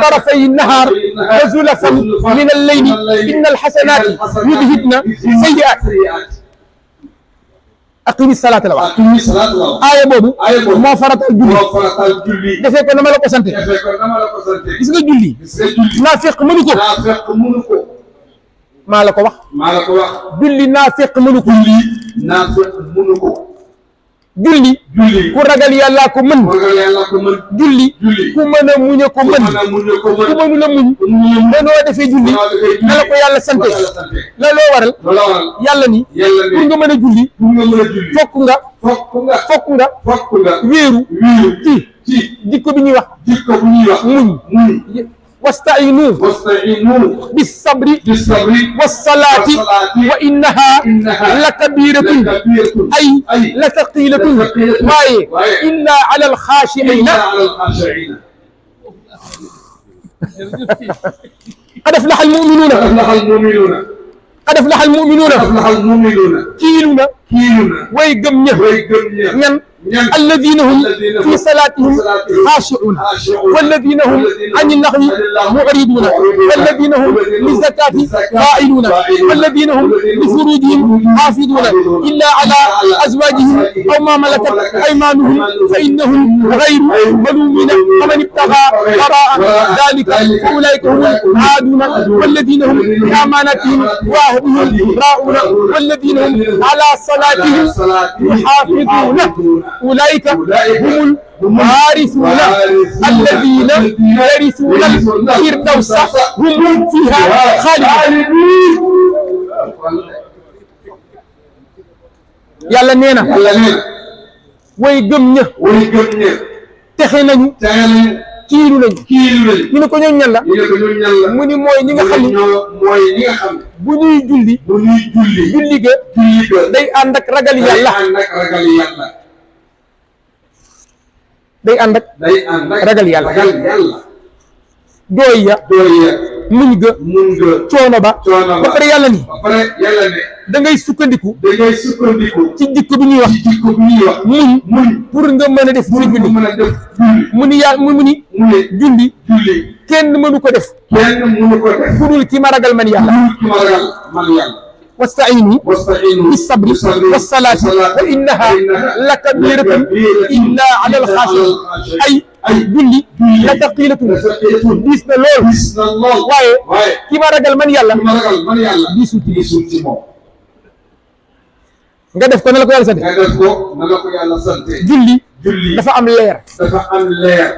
tarafay nahaar wa zulafan min al layli inna alxasanaati yudhibna sayi'aat aqimi salaata la wax aqimi salaata la wax aaya boobu moo faratal julli moo faratal julli defee ko nama la ko sante defee ko nama la ko sante gis nga julli naafiq mënu ko naafiq mënu ko maa la ko wax maa la ko wax julli naafiq mënu ko julli naafiq mënu ko julli ku ragal yàllaa ko mën julli ku mën a muñ a ko mën ku mënu la muñ danoo defee julli na la ko yàlla sante la loo waral yàlla ni pour nga mën a julli fokk nga fokk nga wéeru ci jikko bi ñuy wax muñ واستعينوا واستعينوا بالصبر بالصبر والصلاة وإنها لكبيرة أي لثقيلة واي إنا على الخاشعين قد أفلح المؤمنون قد أفلح المؤمنون قد أفلح المؤمنون قد أفلح المؤمنون كيلونا كيلونا وي جم ñan الذين هم في صلاتهم خاشعون والذين هم عن اللغو معرضون والذين هم للزكاة فاعلون والذين هم لفروجهم حافظون إلا على أزواجهم أو ما ملكت أيمانهم فإنهم غير ملومين فمن ابتغى وراء ذلك فأولئك هم العادون والذين هم بأمانتهم وعهدهم راؤون والذين هم على صلاتهم يحافظون أولئك هم الوارثون الذين يرثون الفردوس هم فيها خالدون yàlla nee na way gëm ña way gëm ña texe nañu kiilu lañu kiilu ko ñoo ñan la mu ni ñi nga xam ne ñuy julli bu ñuy julli julli day ànd ragal yàlla day ànd ak ragal yàlla dooy ya muñ gë coono ba ba pare yàlla ni dangay sukkandiku ci jikko bu ñuy wax muñ pour nga mën a def sa julli mu ni yàlla mu ni julli kenn mënu ko def ku dul ki ma ragal man yàlla واستعينوا بالصبر والصلاة فإنها لكبيرة إلا على الخاشعين أي julli la taqilatun diis na lool waaye ki ma ragal man yàlla diisul ci moom nga def ko na la ko yàlla sante nga def ko na la ko yàlla sante julli dafa am leer dafa am leer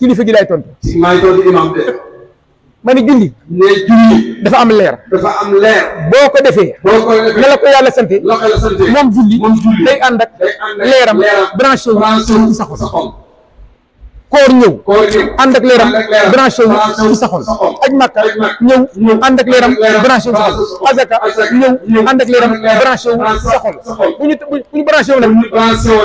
kilifa gi laay tontu maay tontu imam de ma ne julli. ne julli. dafa am leer. dafa am leer. boo ko defee. boo ko defee ne la ko yàlla sant. la ko yàlla sant moom julli. moom julli day ànd ak. day ànd ak leeram branché wu. branché wu ci sa xol. koor ñëw. koor ñëw ànd ak leeram. branché wu ci sa xol. aj makka ñëw. ànd ak leeram branché wu ci sa xol. azaka ñëw. ànd ak leeram branché wu ci sa xol. bu ñu bu ñu branché wu nag.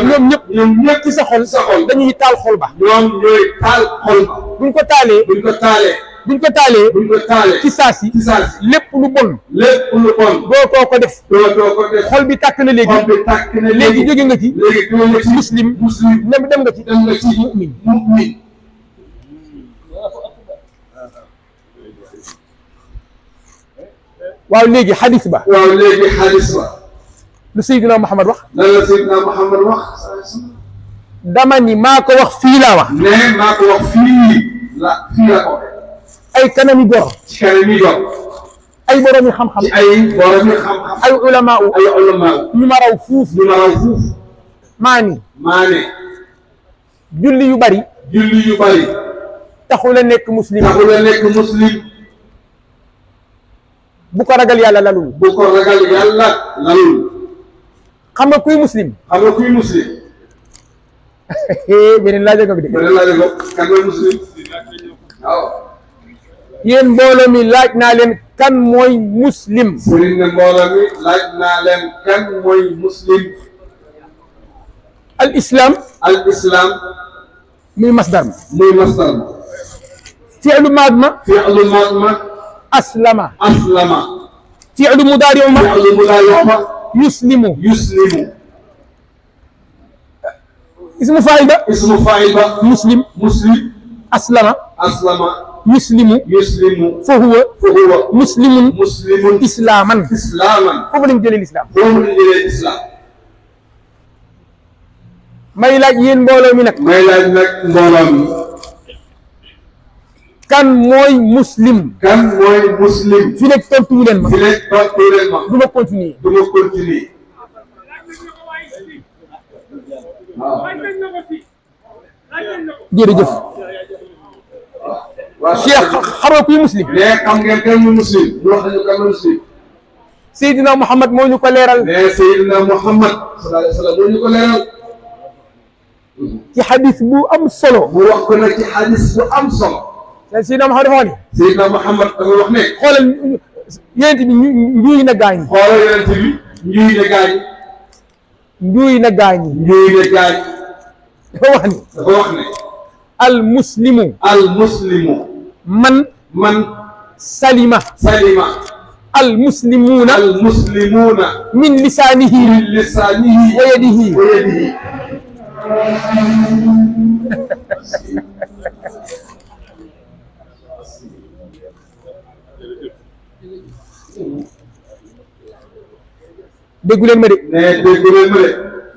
ñoom ñëpp. ñoom ñëpp ci sa xol. dañuy taal xol ba. ñoom ñooy taal xol ba. bu ñu ko taalee. bu ñu ko taalee. buñ ko taalee buñ ko taalee ci saa si ci saa si lépp lu bon lépp lu bon doo too ko def doo too ko def xol bi tàkk na léegi xol bi tàkk na léegi jóge nga ci léegi jóge nga ci muslim muslim nem dem nga ci dem nga ci mu'min mu'min waaw léegi xadis ba waaw léegi xadis ba lu Seydina Muhammad wax lan la Seydina Muhammad wax dama ni maa ko wax fii laa wax ne maa ko wax fii la fii laa ko ay kanami gor. kanami gor. ay boromi xam-xam. ay boromi xam-xam. ay ulamaa u. ay ulamaa u. ñu ma raw fuuf. ñu ma raw fuuf. maani. maani. julli yu bari. julli yu bari. taxul a nekk muslim. taxul a nekk muslim. bu ko ragal yàlla lalul. bu ko ragal yàlla lalul. xam nga kuy muslim. xam nga kuy muslim. beneen laaj nga bi de. beneen laaj nga kan mooy muslim. waaw. yéen mbooloo mi laaj naa leen kan mooy muslim sëriñ ne mbooloo mi laaj naa leen kan mooy muslim al islam al islam muy masdar ma muy masdar ma fi'lu maad ma fi'lu maad ma aslama aslama fi'lu mudaari'u ma fi'lu mudaari'u ma yuslimu yuslimu ismu faa'il ba ismu faa'il ba muslim muslim aslama aslama yuslimu yuslimu huwa muslimun islaaman islaaman foofu lañ jëlee lislaam foofu may laaj yéen mbooloo mi nag may laaj nag mbooloo mi kan mooy muslim kan mooy muslim fi nekk tontu leen ma fi nekk tontu leen ma du ma continuer du ma continuer Cheikh xamoo kuy muslim. mais xam ngeen kenn mu muslim. ñu wax nañu kenn muslim. Seydina Mouhamed moo ñu ko leeral. mais Seydina Mouhamed. sallallahu alayhi wa sallam moo ñu ko leeral. ci xadis bu am solo. bu wax ko nag ci xadis bu am solo. Seydina Mouhamed dafa wax ne. Seydina Mouhamed dafa wax ne. xoolal yonent bi njuuy na gaañ. xoolal yonent bi njuuy na gaañ. njuuy na gaañ. njuuy na gaañ. dafa wax ne. dafa wax ne. al muslimu. al muslimu. man man salima salima al muslimuuna min lisaanihi wa yadihi wa yadihi déggu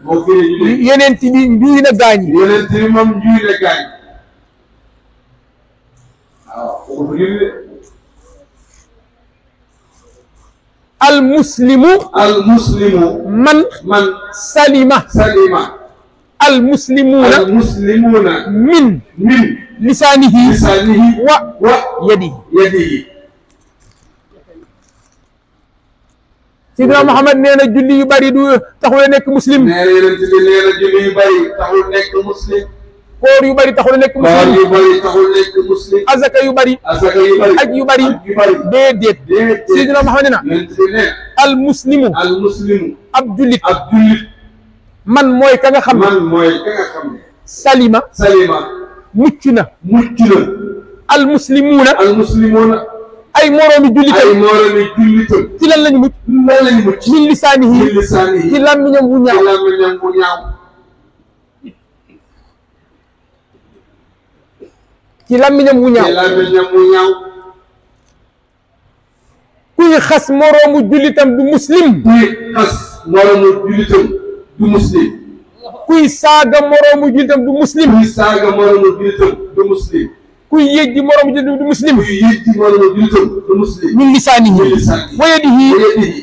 bi njuuy na gaañ. al muslimu. al muslimu. man. man salima. salima. al muslimuna. al muslimuna. min. min lisaanihi. lisaanihi. wa. wa yadihi. yadihi. Sidina Muhammad nee na julli yu bari du taxul nekk muslim. nee na julli yu bari taxul nekk muslim. koor yu bari taxul nekk muslim koor yu bari taxul nekk muslim azaka yu bari azaka yu bari aj yu bari déedéet Seydina Muhammad na al muslimu al muslimu ab jullit ab jullit man mooy ka nga xam man mooy ka nga xam salima salima mucc na mucc na al muslimuuna al muslimuuna ay moroomi jullitam ay moroomi jullitam ci lan lañ mucc lan lañ mucc min lisaanihi min lisaanihi ci làmmiñam wu ñaaw ci làmmiñam wu ñaaw ci làmmiñam wu ñaaw ci làmmiñam wu ñaaw kuy xas moroomu jullitam du muslim kuy xas moroomu jullitam du muslim kuy saaga moroomu jullitam du muslim kuy saaga moroomu jullitam du muslim kuy yejji moroomu jullitam du muslim kuy yejji moroomu jullitam du muslim min lisaanihi wa yadihi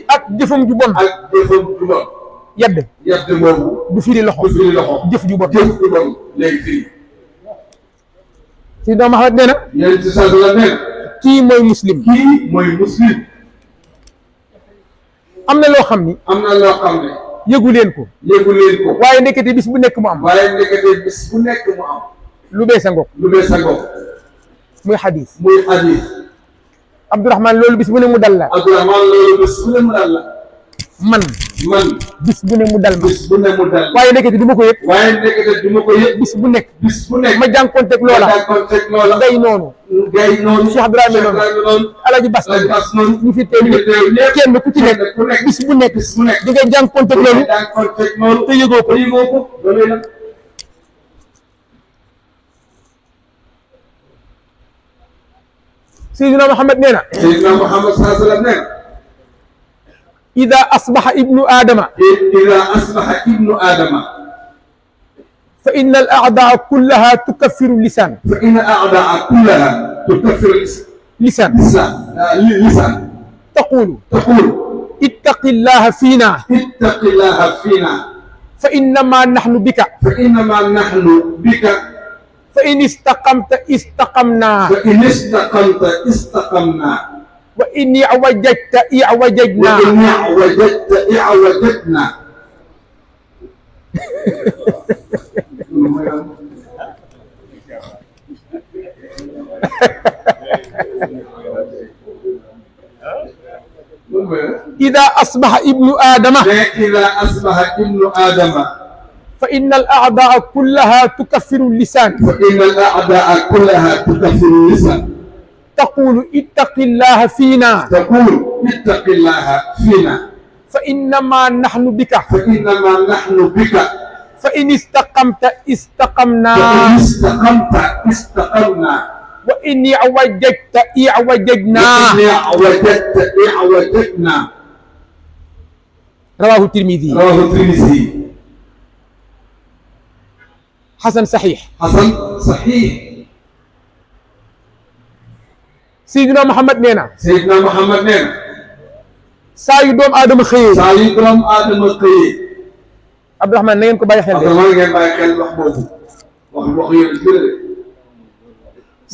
ak jëfam ju bon ak jëfam ju bon yedd yedd boobu du firi loxo du firi loxo jëf ju bon jëf ju bon lay firi si doomu Muhammad nee na. yéen ci kii mooy muslim. kii mooy muslim. am na loo xam ni. am na loo yëgu leen ko. yëgu leen waaye ndekete bis bu nekk mu am. waaye ndekete bis bu lu bees a ngoog. a muy xadis. muy xadis. Abdourahman loolu bis bu mu dal la. man man bis bu mu dal ma bis bu ne mu dal waaye nekkati du ma ko yëg bu nekk bu nekk ma jànkoonteeg loola ma jànkoonteeg loola day noonu day noonu Cheikh Bas noonu ñu fi teew ñëpp kenn ku ci nekk bis bu nekk bu nekk di ngay jànkoonteeg loolu jànkoonteeg loolu te yëgoo ko yëgoo Seydina Mouhamed nee na ida asbaxa ibnu aadama ida asbaxa ibnu aadama fa inna al aadaa kullaha tukaffiru lisaan fa inna al aadaa kullaha tukaffiru lisaan lisaan taqulu taqulu ittaqi llaha fiina ittaqi llaha fiina fa innama naxnu bika fa innama naxnu bika fa in istaqamta istaqamnaa fa in istaqamta istaqamnaa wa inni awajajta iwajajna wa inni awajajta iwajajna إذا أصبح ابن آدم إذا أصبح ابن آدم فإن الأعداء كلها تكفر اللسان فإن الأعداء كلها تكفر اللسان تقول اتق الله فينا تقول اتق الله فينا فإنما نحن بك فإنما نحن بك فإن استقمت استقمنا فإن استقمت استقمنا وإني أوجدت إعوجدنا وإني أوجدت إعوجدنا رواه الترمذي رواه الترمذي حسن صحيح حسن صحيح Seydina Muhammad nee na. Seydina Muhammad nee na. saa yu doomu aadama xëyee. saa yu doomu aadama xëyee. Abdourahmane na ngeen ko bàyyi xel de. Abdourahmane ngeen bàyyi xel wax boobu. wax wax yéen jërëjëf.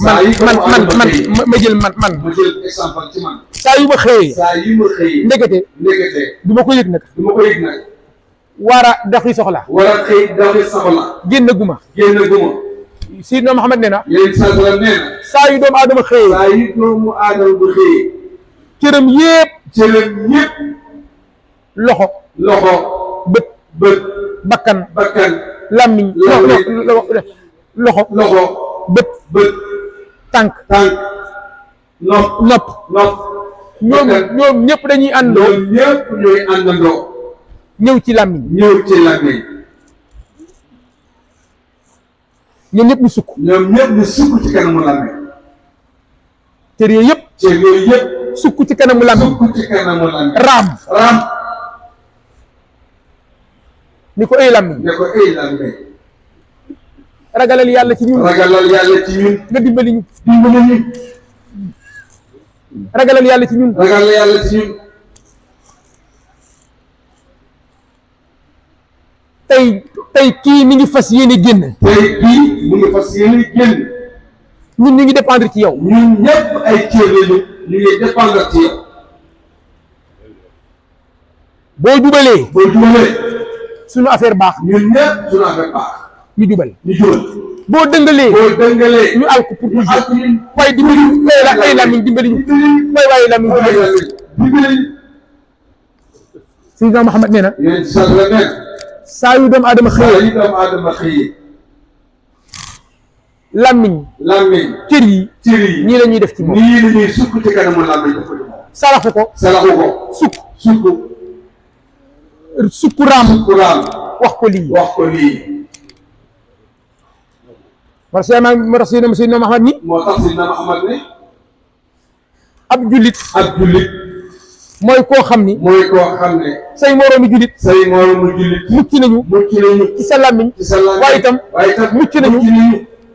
saa yu doomu aadama man man man ma jël man man. ma jël exemple ci man. saa yu ma xëyee. saa yu ma xëyee. ndekete. ndekete. du ma ko yëg nag. du ma ko yëg nag. war a doxi soxla. war a xëy doxi soxla. génn guma. génn guma. Seydina Muhammad nee na. yéen saa salaam nee na. saa yu doomu aadama xëyee. saa yu doomu aadama bu xëyee. cëram yëpp. cëram yëpp. loxo. loxo. bët. bët. bakkan. bakkan. làmmiñ. loxo. loxo. bët. bët. tànk. tànk. nopp. nopp. nopp. ñoom ñoom ñëpp dañuy àndoo. ñoom ñëpp ñooy àndandoo. ñëw ci làmmiñ. ñëw ci làmmiñ. ñoom ñëpp ñu sukk. ñoom ñëpp ñu sukk ci kanamu làmmiñ. cër yooyu yëpp. sukk ci kanamu làmmiñ. raam. raam. ni ko ay làmmiñ. ragalal yàlla ci ñun. yàlla ci nga dimbali ñu. dimbali yàlla ñun. ragalal yàlla ci ñun. tey. tey kii mi ngi fas yéene génn. tey kii mi ngi fas yéene génn. ñun ñu ngi dépendre ci yow. ñun ñëpp ay ceeb ñu ngi dépendre ci yow. boo jubalee. boo jubalee. suñu affaire baax. ñun ñëpp suñu affaire baax. ñu jubal ñu jubal. boo dëngalee. boo dëngalee. ñu àgg pour ñu àgg. waaye dimbali waaye la ay lamiñ dimbali ñu. waaye waaye lamiñ dimbali ñu. dimbali. Seydina Mouhamed nee na. yéen saa yu doomu aadama xëyee saa yu doomu aadama xëyee. lammiñ. lammiñ cër yi. cër yi nii la ñuy def ci moom la ñuy ko ci moom. sukku sukku raam wax ko lii. wax ko lii. moo tax Seydina Seydina Muhammad ni. moo tax Seydina Muhammad ni. ab jullit. ab jullit. mooy koo xam ni mooy koo xam ne say moroomu jullit say moroomu ci sa làmmiñ ci sa làmmiñ waaye itam waaye itam mucc nañu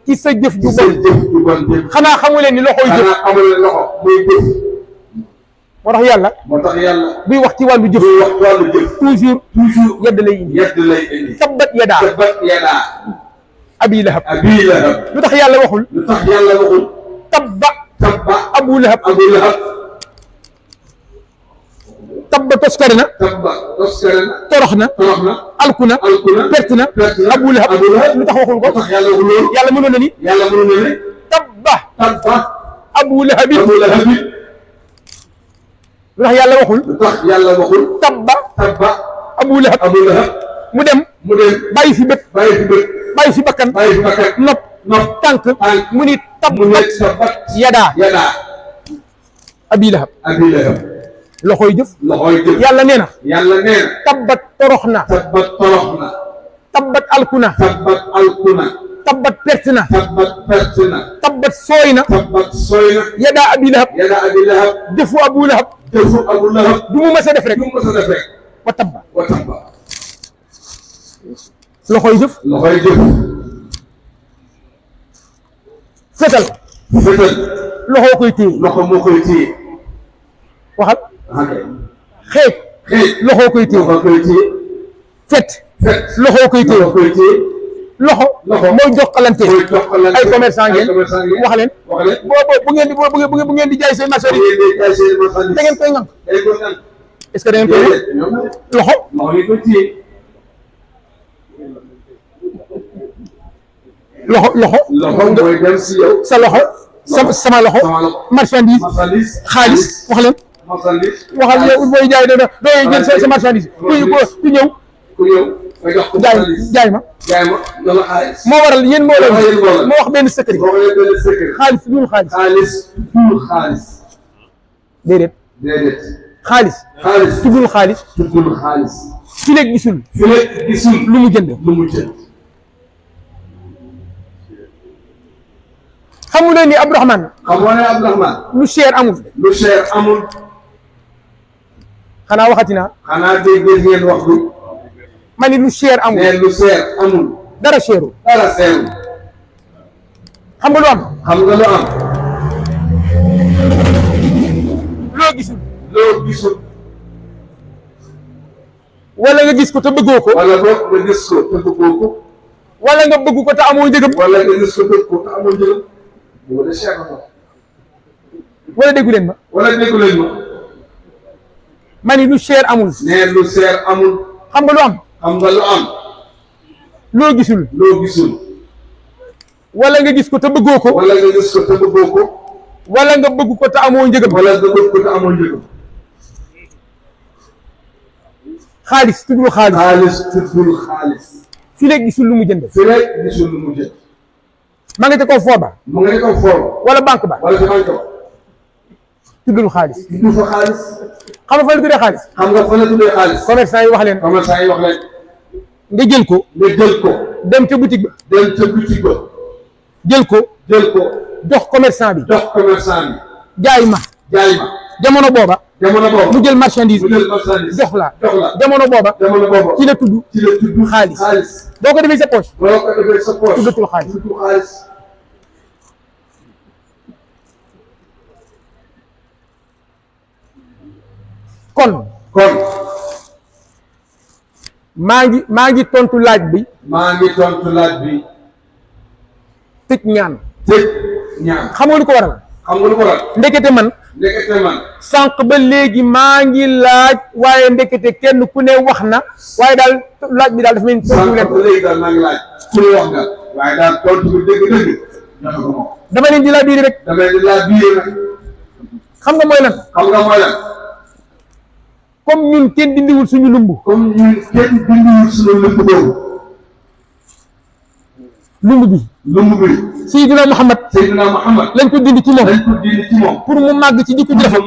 ci sa jëf ju bon xanaa xam leen ni loxoy jëf xanaa xamu leen loxo muy jëf moo tax yàlla moo tax yàlla buy wax ci wàllu jëf buy wax ci wàllu jëf tabbat yadaa abi lahab abi lahab lu tax yàlla waxul lu abu lahab tabba toskare na torox na alku na perte na abu lahab lu tax waxul ko yàlla mënoon na ni tabba abu lahabi lu tax yàlla waxul tabba abu lahab mu dem bàyyi fi bët bàyyi fi bakkan nopp tànk mu ni tabbat yadaa abi lahab loxooy jëf. loxooy jëf yàlla nee na. yàlla nee na. tabbat torox na. tabbat torox na. tabbat alkuna. tabbat alkuna. tabbat perte na. tabbat perte na. tabbat sooy na. tabbat sooy na. yadaa abi lahab. yadaa abi lahab. jëfu abu lahab. jëfu abu lahab. du mu mës a def rek. du mu mës a def rek. wa tabba. wa tabba. loxooy jëf. loxooy jëf. fetal. fetal. loxo koy téye. loxo moo koy téye. waxal. xeej loxoo koy téye fet loxoo koy téye loxo mooy jokkalante ay commerçant ngeen wax leen boo bu ngeen di bu bu ngeen jaay seen marchandise da koy ŋànk loxo loxo loxo sa loxo sama loxo marchandise xaalis wax waxal yow booy jaay dana dooy jël sa sa marchandise ku ñëw jaay jaay ma moo waral yéen moo leen moo wax benn secret xaalis dul xaalis déedéet xaalis tuddul xaalis fi léeg gisul lu mu jënd xamu leen ni Abdourahmane lu cher amul lu cher amul xanaa waxati naa. xanaa dégg ngeen wax bi. ma ni lu cher amul mais lu cher amul. dara cheru. dara cheru. xam nga lu am. xam nga lu am. loo gisul. loo gisul. wala nga gis ko te bëggoo ko. wala boog nga gis ko te bëggoo ko. wala nga bëgg ko te amoo njëgam. wala nga gis ko bëgg ko te amoo njëgam. wala déggu leen ma. wala déggu leen ma. ma ni lu seer amul. nee lu seer amul. xam nga lu am. am. loo gisul. loo gisul. wala nga gis ko te bëggoo ko. wala nga bëgg ko te amoo njëgam. wala nga bëgg ko te amoo tuddul xaalis. xaalis gisul lu mu jënd. fi léegi gisul lu mu jënd. ma nga ca wala banque ba. wala banque ba. tuddul xaalis. xam nga fa la tuddee xaalis. xam nga fa la tuddee xaalis. commerçant yi wax leen. commerçant yi wax leen. nga jël ko. nga jël ko. dem ca boutique ba. dem ca boutique ba. jël ko. jël ko jox commerçant bi. jox commerçant bi. jaay ma. jaay ma jamono booba. jamono booba mu jël marchandise. mu jël marchandise jox la. jox la jamono booba. jamono booba ci la tudd. ci la tudd xaalis. xaalis boo ko defee sa poche. boo ko defee sa poche tuddatul xaalis. kon kon maa ngi maa ngi tontu laaj bi maa ngi tontu laaj bi tëj ñaan tëj ñaan ko waral xamoo lu ko waral ndekete man ndekete man sànq ba léegi maa ngi laaj waaye ndekete kenn ku ne wax na waaye daal laaj bi daal dafa mel ni tontu leen ba laaj na bi rek dama leen di laa biir rek xam nga mooy comme ñun kenn dindiwul suñu lumb. suñu lumb boobu. lumb bi. lumb bi. Seydina Muhammad. Seydina Muhammad. ko dindi ci moom. lañ ko dindi ci pour mu màgg ci jikko ju rafet.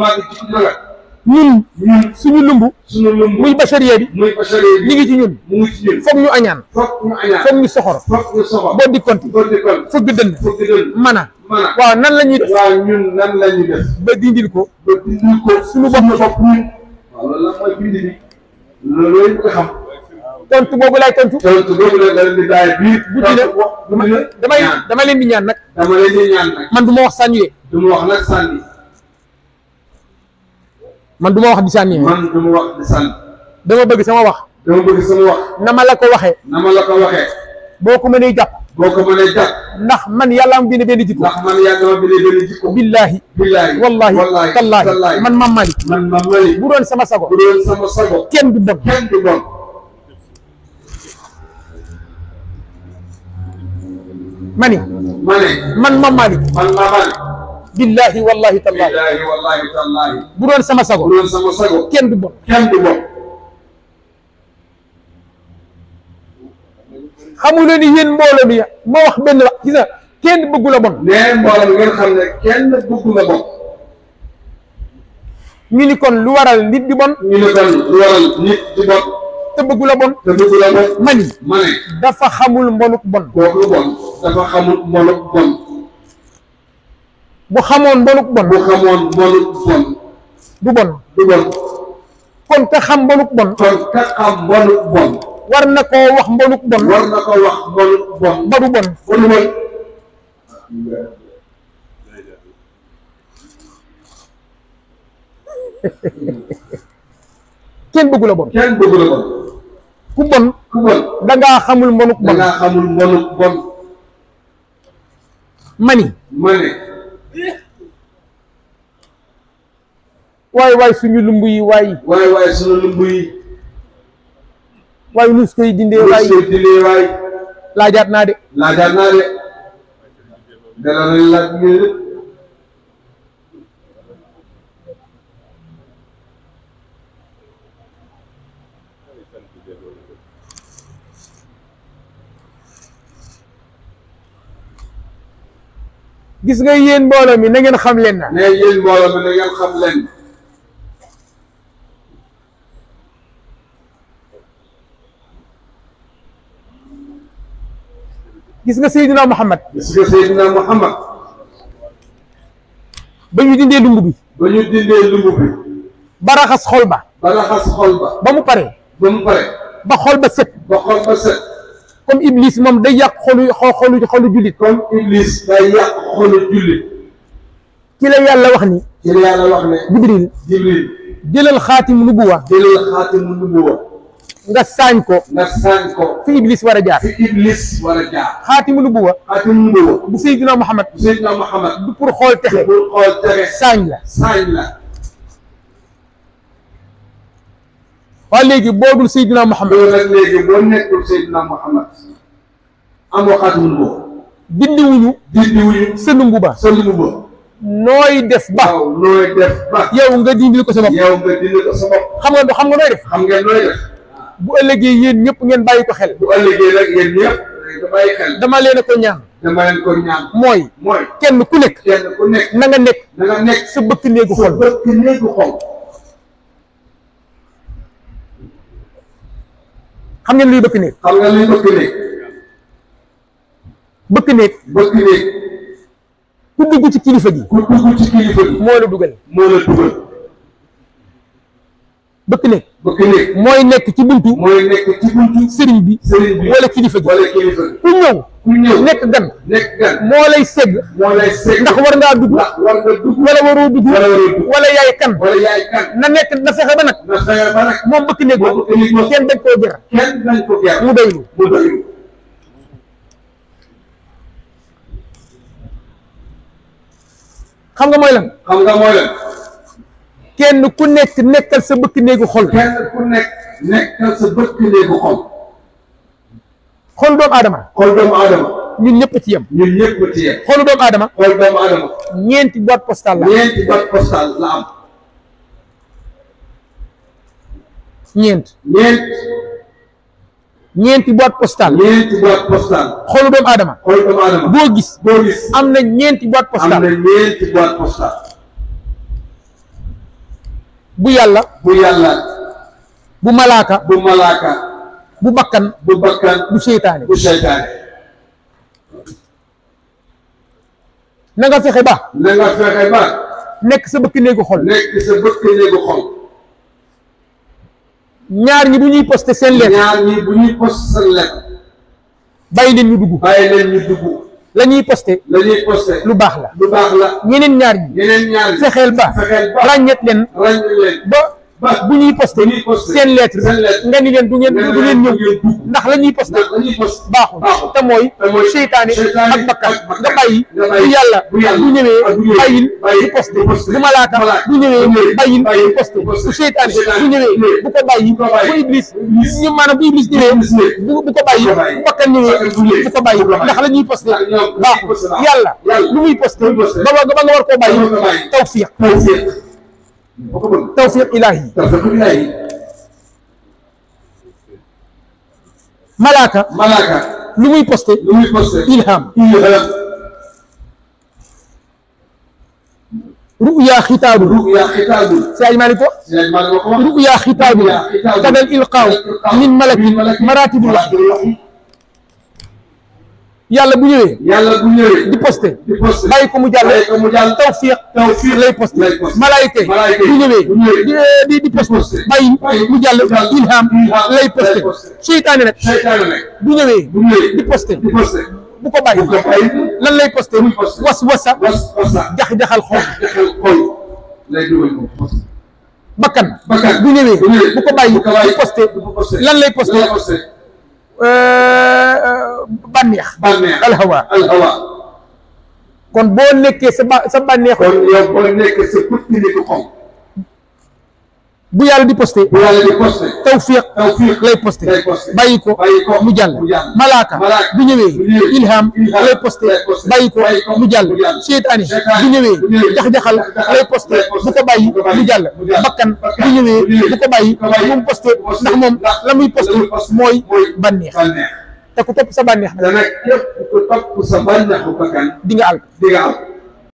ñun. suñu lumb. suñu muy bachariya bi. ñu ngi ci ñun. mu ñu añaan. foog ñu añaan soxor. boo di foog dënn. foog waaw nan lañu ñuy ba dindil ko. ba dindil ko suñu bopp waaw boobu laay tontu. la nga leen di daay biir. guddi leen di ñaan nag. dama leen di ñaan nag. man du wax sànni. du ma wax nag sànni. man wax di man du ma wax di sànni. dama sama wax. dama bëgg sama wax. na ma la ko waxee. na ma la boo ko mënee jàpp. boo ko ndax man yàlla ma bindee benn jikko ndax man ma sama sago bu doon kenn du bon kenn du bon ma man Mame Malick man Mame Malick sama sago bu kenn du bon xamu leen ni yéen mbooloo bi ma wax benn wax gis nga kenn bëggu la bon. nee mbooloo bi ngeen xam ne kenn bëggu la bon. ñu ni kon lu waral nit di bon. ñu ni kon lu waral nit di bon. te bëggu la bon. te bëggu la bon. mani mani dafa xamul mbonuk bon. kooku bon dafa xamul mbonuk bon. bu xamoon mbonuk bon. bu xamoon mbonuk bon. du bon. du bon. kon ka xam mbonuk bon. kon ka xam mbonuk bon. war na koo wax mbonuk bon war na koo wax mbonuk bon ba du bon kon mooy kenn bëggu la bon kenn bëggu la bon ku bon ku bon da ngaa xamul mbonuk bon da ngaa xamul mbonuk bon mani mani waay waay suñu lumb yi waay waay waay suñu lumb yi waaye nus koy koy dindee waay laajaat naa de laajaat naa de dana lay nga yéen mbooloo mi na ngeen xam leen na ne yéen mi na xam leen gis nga Seydina Muhammad gis nga Seydina Muhammad ba ñu dindee lumb bi ba ñu dindee lumb bi ba raxas xol ba ba raxas xol ba ba mu pare ba mu pare ba xol ba set ba xol ba set comme Iblis moom day yàq xolu xolu xolu jullit comme Iblis day yàq xolu jullit ci la yàlla wax ni ci la yàlla wax ne Jibril Jibril jëlal xaatim nubuwa jëlal xaatim nubuwa nga saañ ko nga saañ ko fi iblis war a jaar fi iblis war jaar xaatimu nubuwa xaatimu nubuwa la sa nungu ba sa nungu ba nooy def ba nooy def bu ëllëgee yéen ñëpp ngeen bàyyi ko xel. ngeen bàyyi xel. dama leen a ko mooy. kenn ku nekk. kenn nekk sa bëkk néegu xol. sa bëkk néegu xol. xam ngeen luy bëkk néeg. xam néeg. ku dugg ci kilifa ku dugg ci kilifa moo la dugal. moo néeg. mooy nekk ci buntu. mooy nekk ci buntu. sëriñ bi. sëriñ bi wala kilifa gi. wala kilifa gi ku ñëw. ku ñëw nekk gan. nekk gan moo lay segg. moo lay segg ndax war ngaa dugg. war nga dugg wala waroo dugg. wala waroo dugg wala yaay kan. wala yaay kan na nekk na fexe ba nag. na fexe ba nag moom bëgg nekk. moom bëgg nekk kenn dañ koo jar. kenn dañ ko jar mu doylu. mu doylu. xam nga mooy lan. xam nga mooy lan. kenn ku nekk nekkal sa bëkk néegu xol kenn ku nekk nekkal sa bëkk néegu xol xol doomu aadama xol doomu aadama ñun ñëpp ci yem ñun ñëpp ci yem xolu doomu aadama xol doomu aadama ñeenti boîte postale la ñeenti boîte postale la am ñeent ñeent ñeenti boîte postale ñeenti boîte postale xolu doomu aadama xol doomu aadama boo gis boo gis am na ñeenti boîte postale am na ñeenti boîte postale bu yàlla bu yàlla bu malaaka bu malaaka bu bakkan bu bakkan bu seytaane bu seytaane na fexe ba na fexe ba nekk sa bëkk néegu xol nekk sa bëkk néegu xol ñaar ñi bu ñuy posté seen lettre ñaar ñi ñu dugg bàyyi leen ñu dugg la ñuy posté. la ñuy posté lu baax la. lu baax la ñeneen ñaar ñi. ñeneen ñaar ñi fexeel ba. fexeel ba ràññeet leen. ràññeet leen ba. bu ñuy posté seen lettre nga ni leen du ngeen du ndax la ñuy posté baaxul te mooy seytaane ak bakkan nga bàyyi bu yàlla bu ñëwee bàyyil di posté bu malaaka bu ñëwee bàyyil di posté bu seytaane bu ñëwee bu ko bàyyi bu iblis ñu maanaam bu iblis ñëwee bu bu ko bàyyi bu bakkan ñëwee bu ko bàyyi ndax la ñuy posté baaxul yàlla lu muy posté ba ba nga war koo bàyyi tawfiq bu ko bëgg tawfiq ilaahi. tawfiq ilaahi. malaaka. malaaka. lu muy posté. lu muy posté. ilham. ilham. ruya xitaabu. ruya xitaabu. si ay maali ko. si ay maali ko. ruya xitaabu. kadal ilqaaw min malakin maratibul wax yàlla bu ñëwee. yàlla bu ñëwee. di posté. di posté bàyyi ko mu jàll. bàyyi ko mu jàll tawfiq. tawfiq lay posté. lay posté malaayika bu ñëwee. bu ñëwee di eh, di posté. bàyyi mu jàll. ilham lay posté. seytaane nag. bu ñëwee. di posté. bu ko bàyyi. lan lay posté. was wasa. was jax jaxal bakkan. bu ñëwee. bu ko bàyyi lan lay posté. Euh, euh, bànneex alhawa alhawa kon boo nekkee sa ba sa bànneex kon yow boo nekkee sa pëtni ni du xom bu yàlla di posté bu yàlla di posté tawfiq tawfiq lay posté bàyyi ko jàll malaaka bu ñëwee ilham lay posté bàyyi ko mu jàll seytaane bu ñëwee jax-jaxal lay posté bu ko bàyyi mu jàll bakkan bu ñëwee bu ko bàyyi mu posté ndax moom la muy posté mooy bànneex te ku topp sa bànneex nag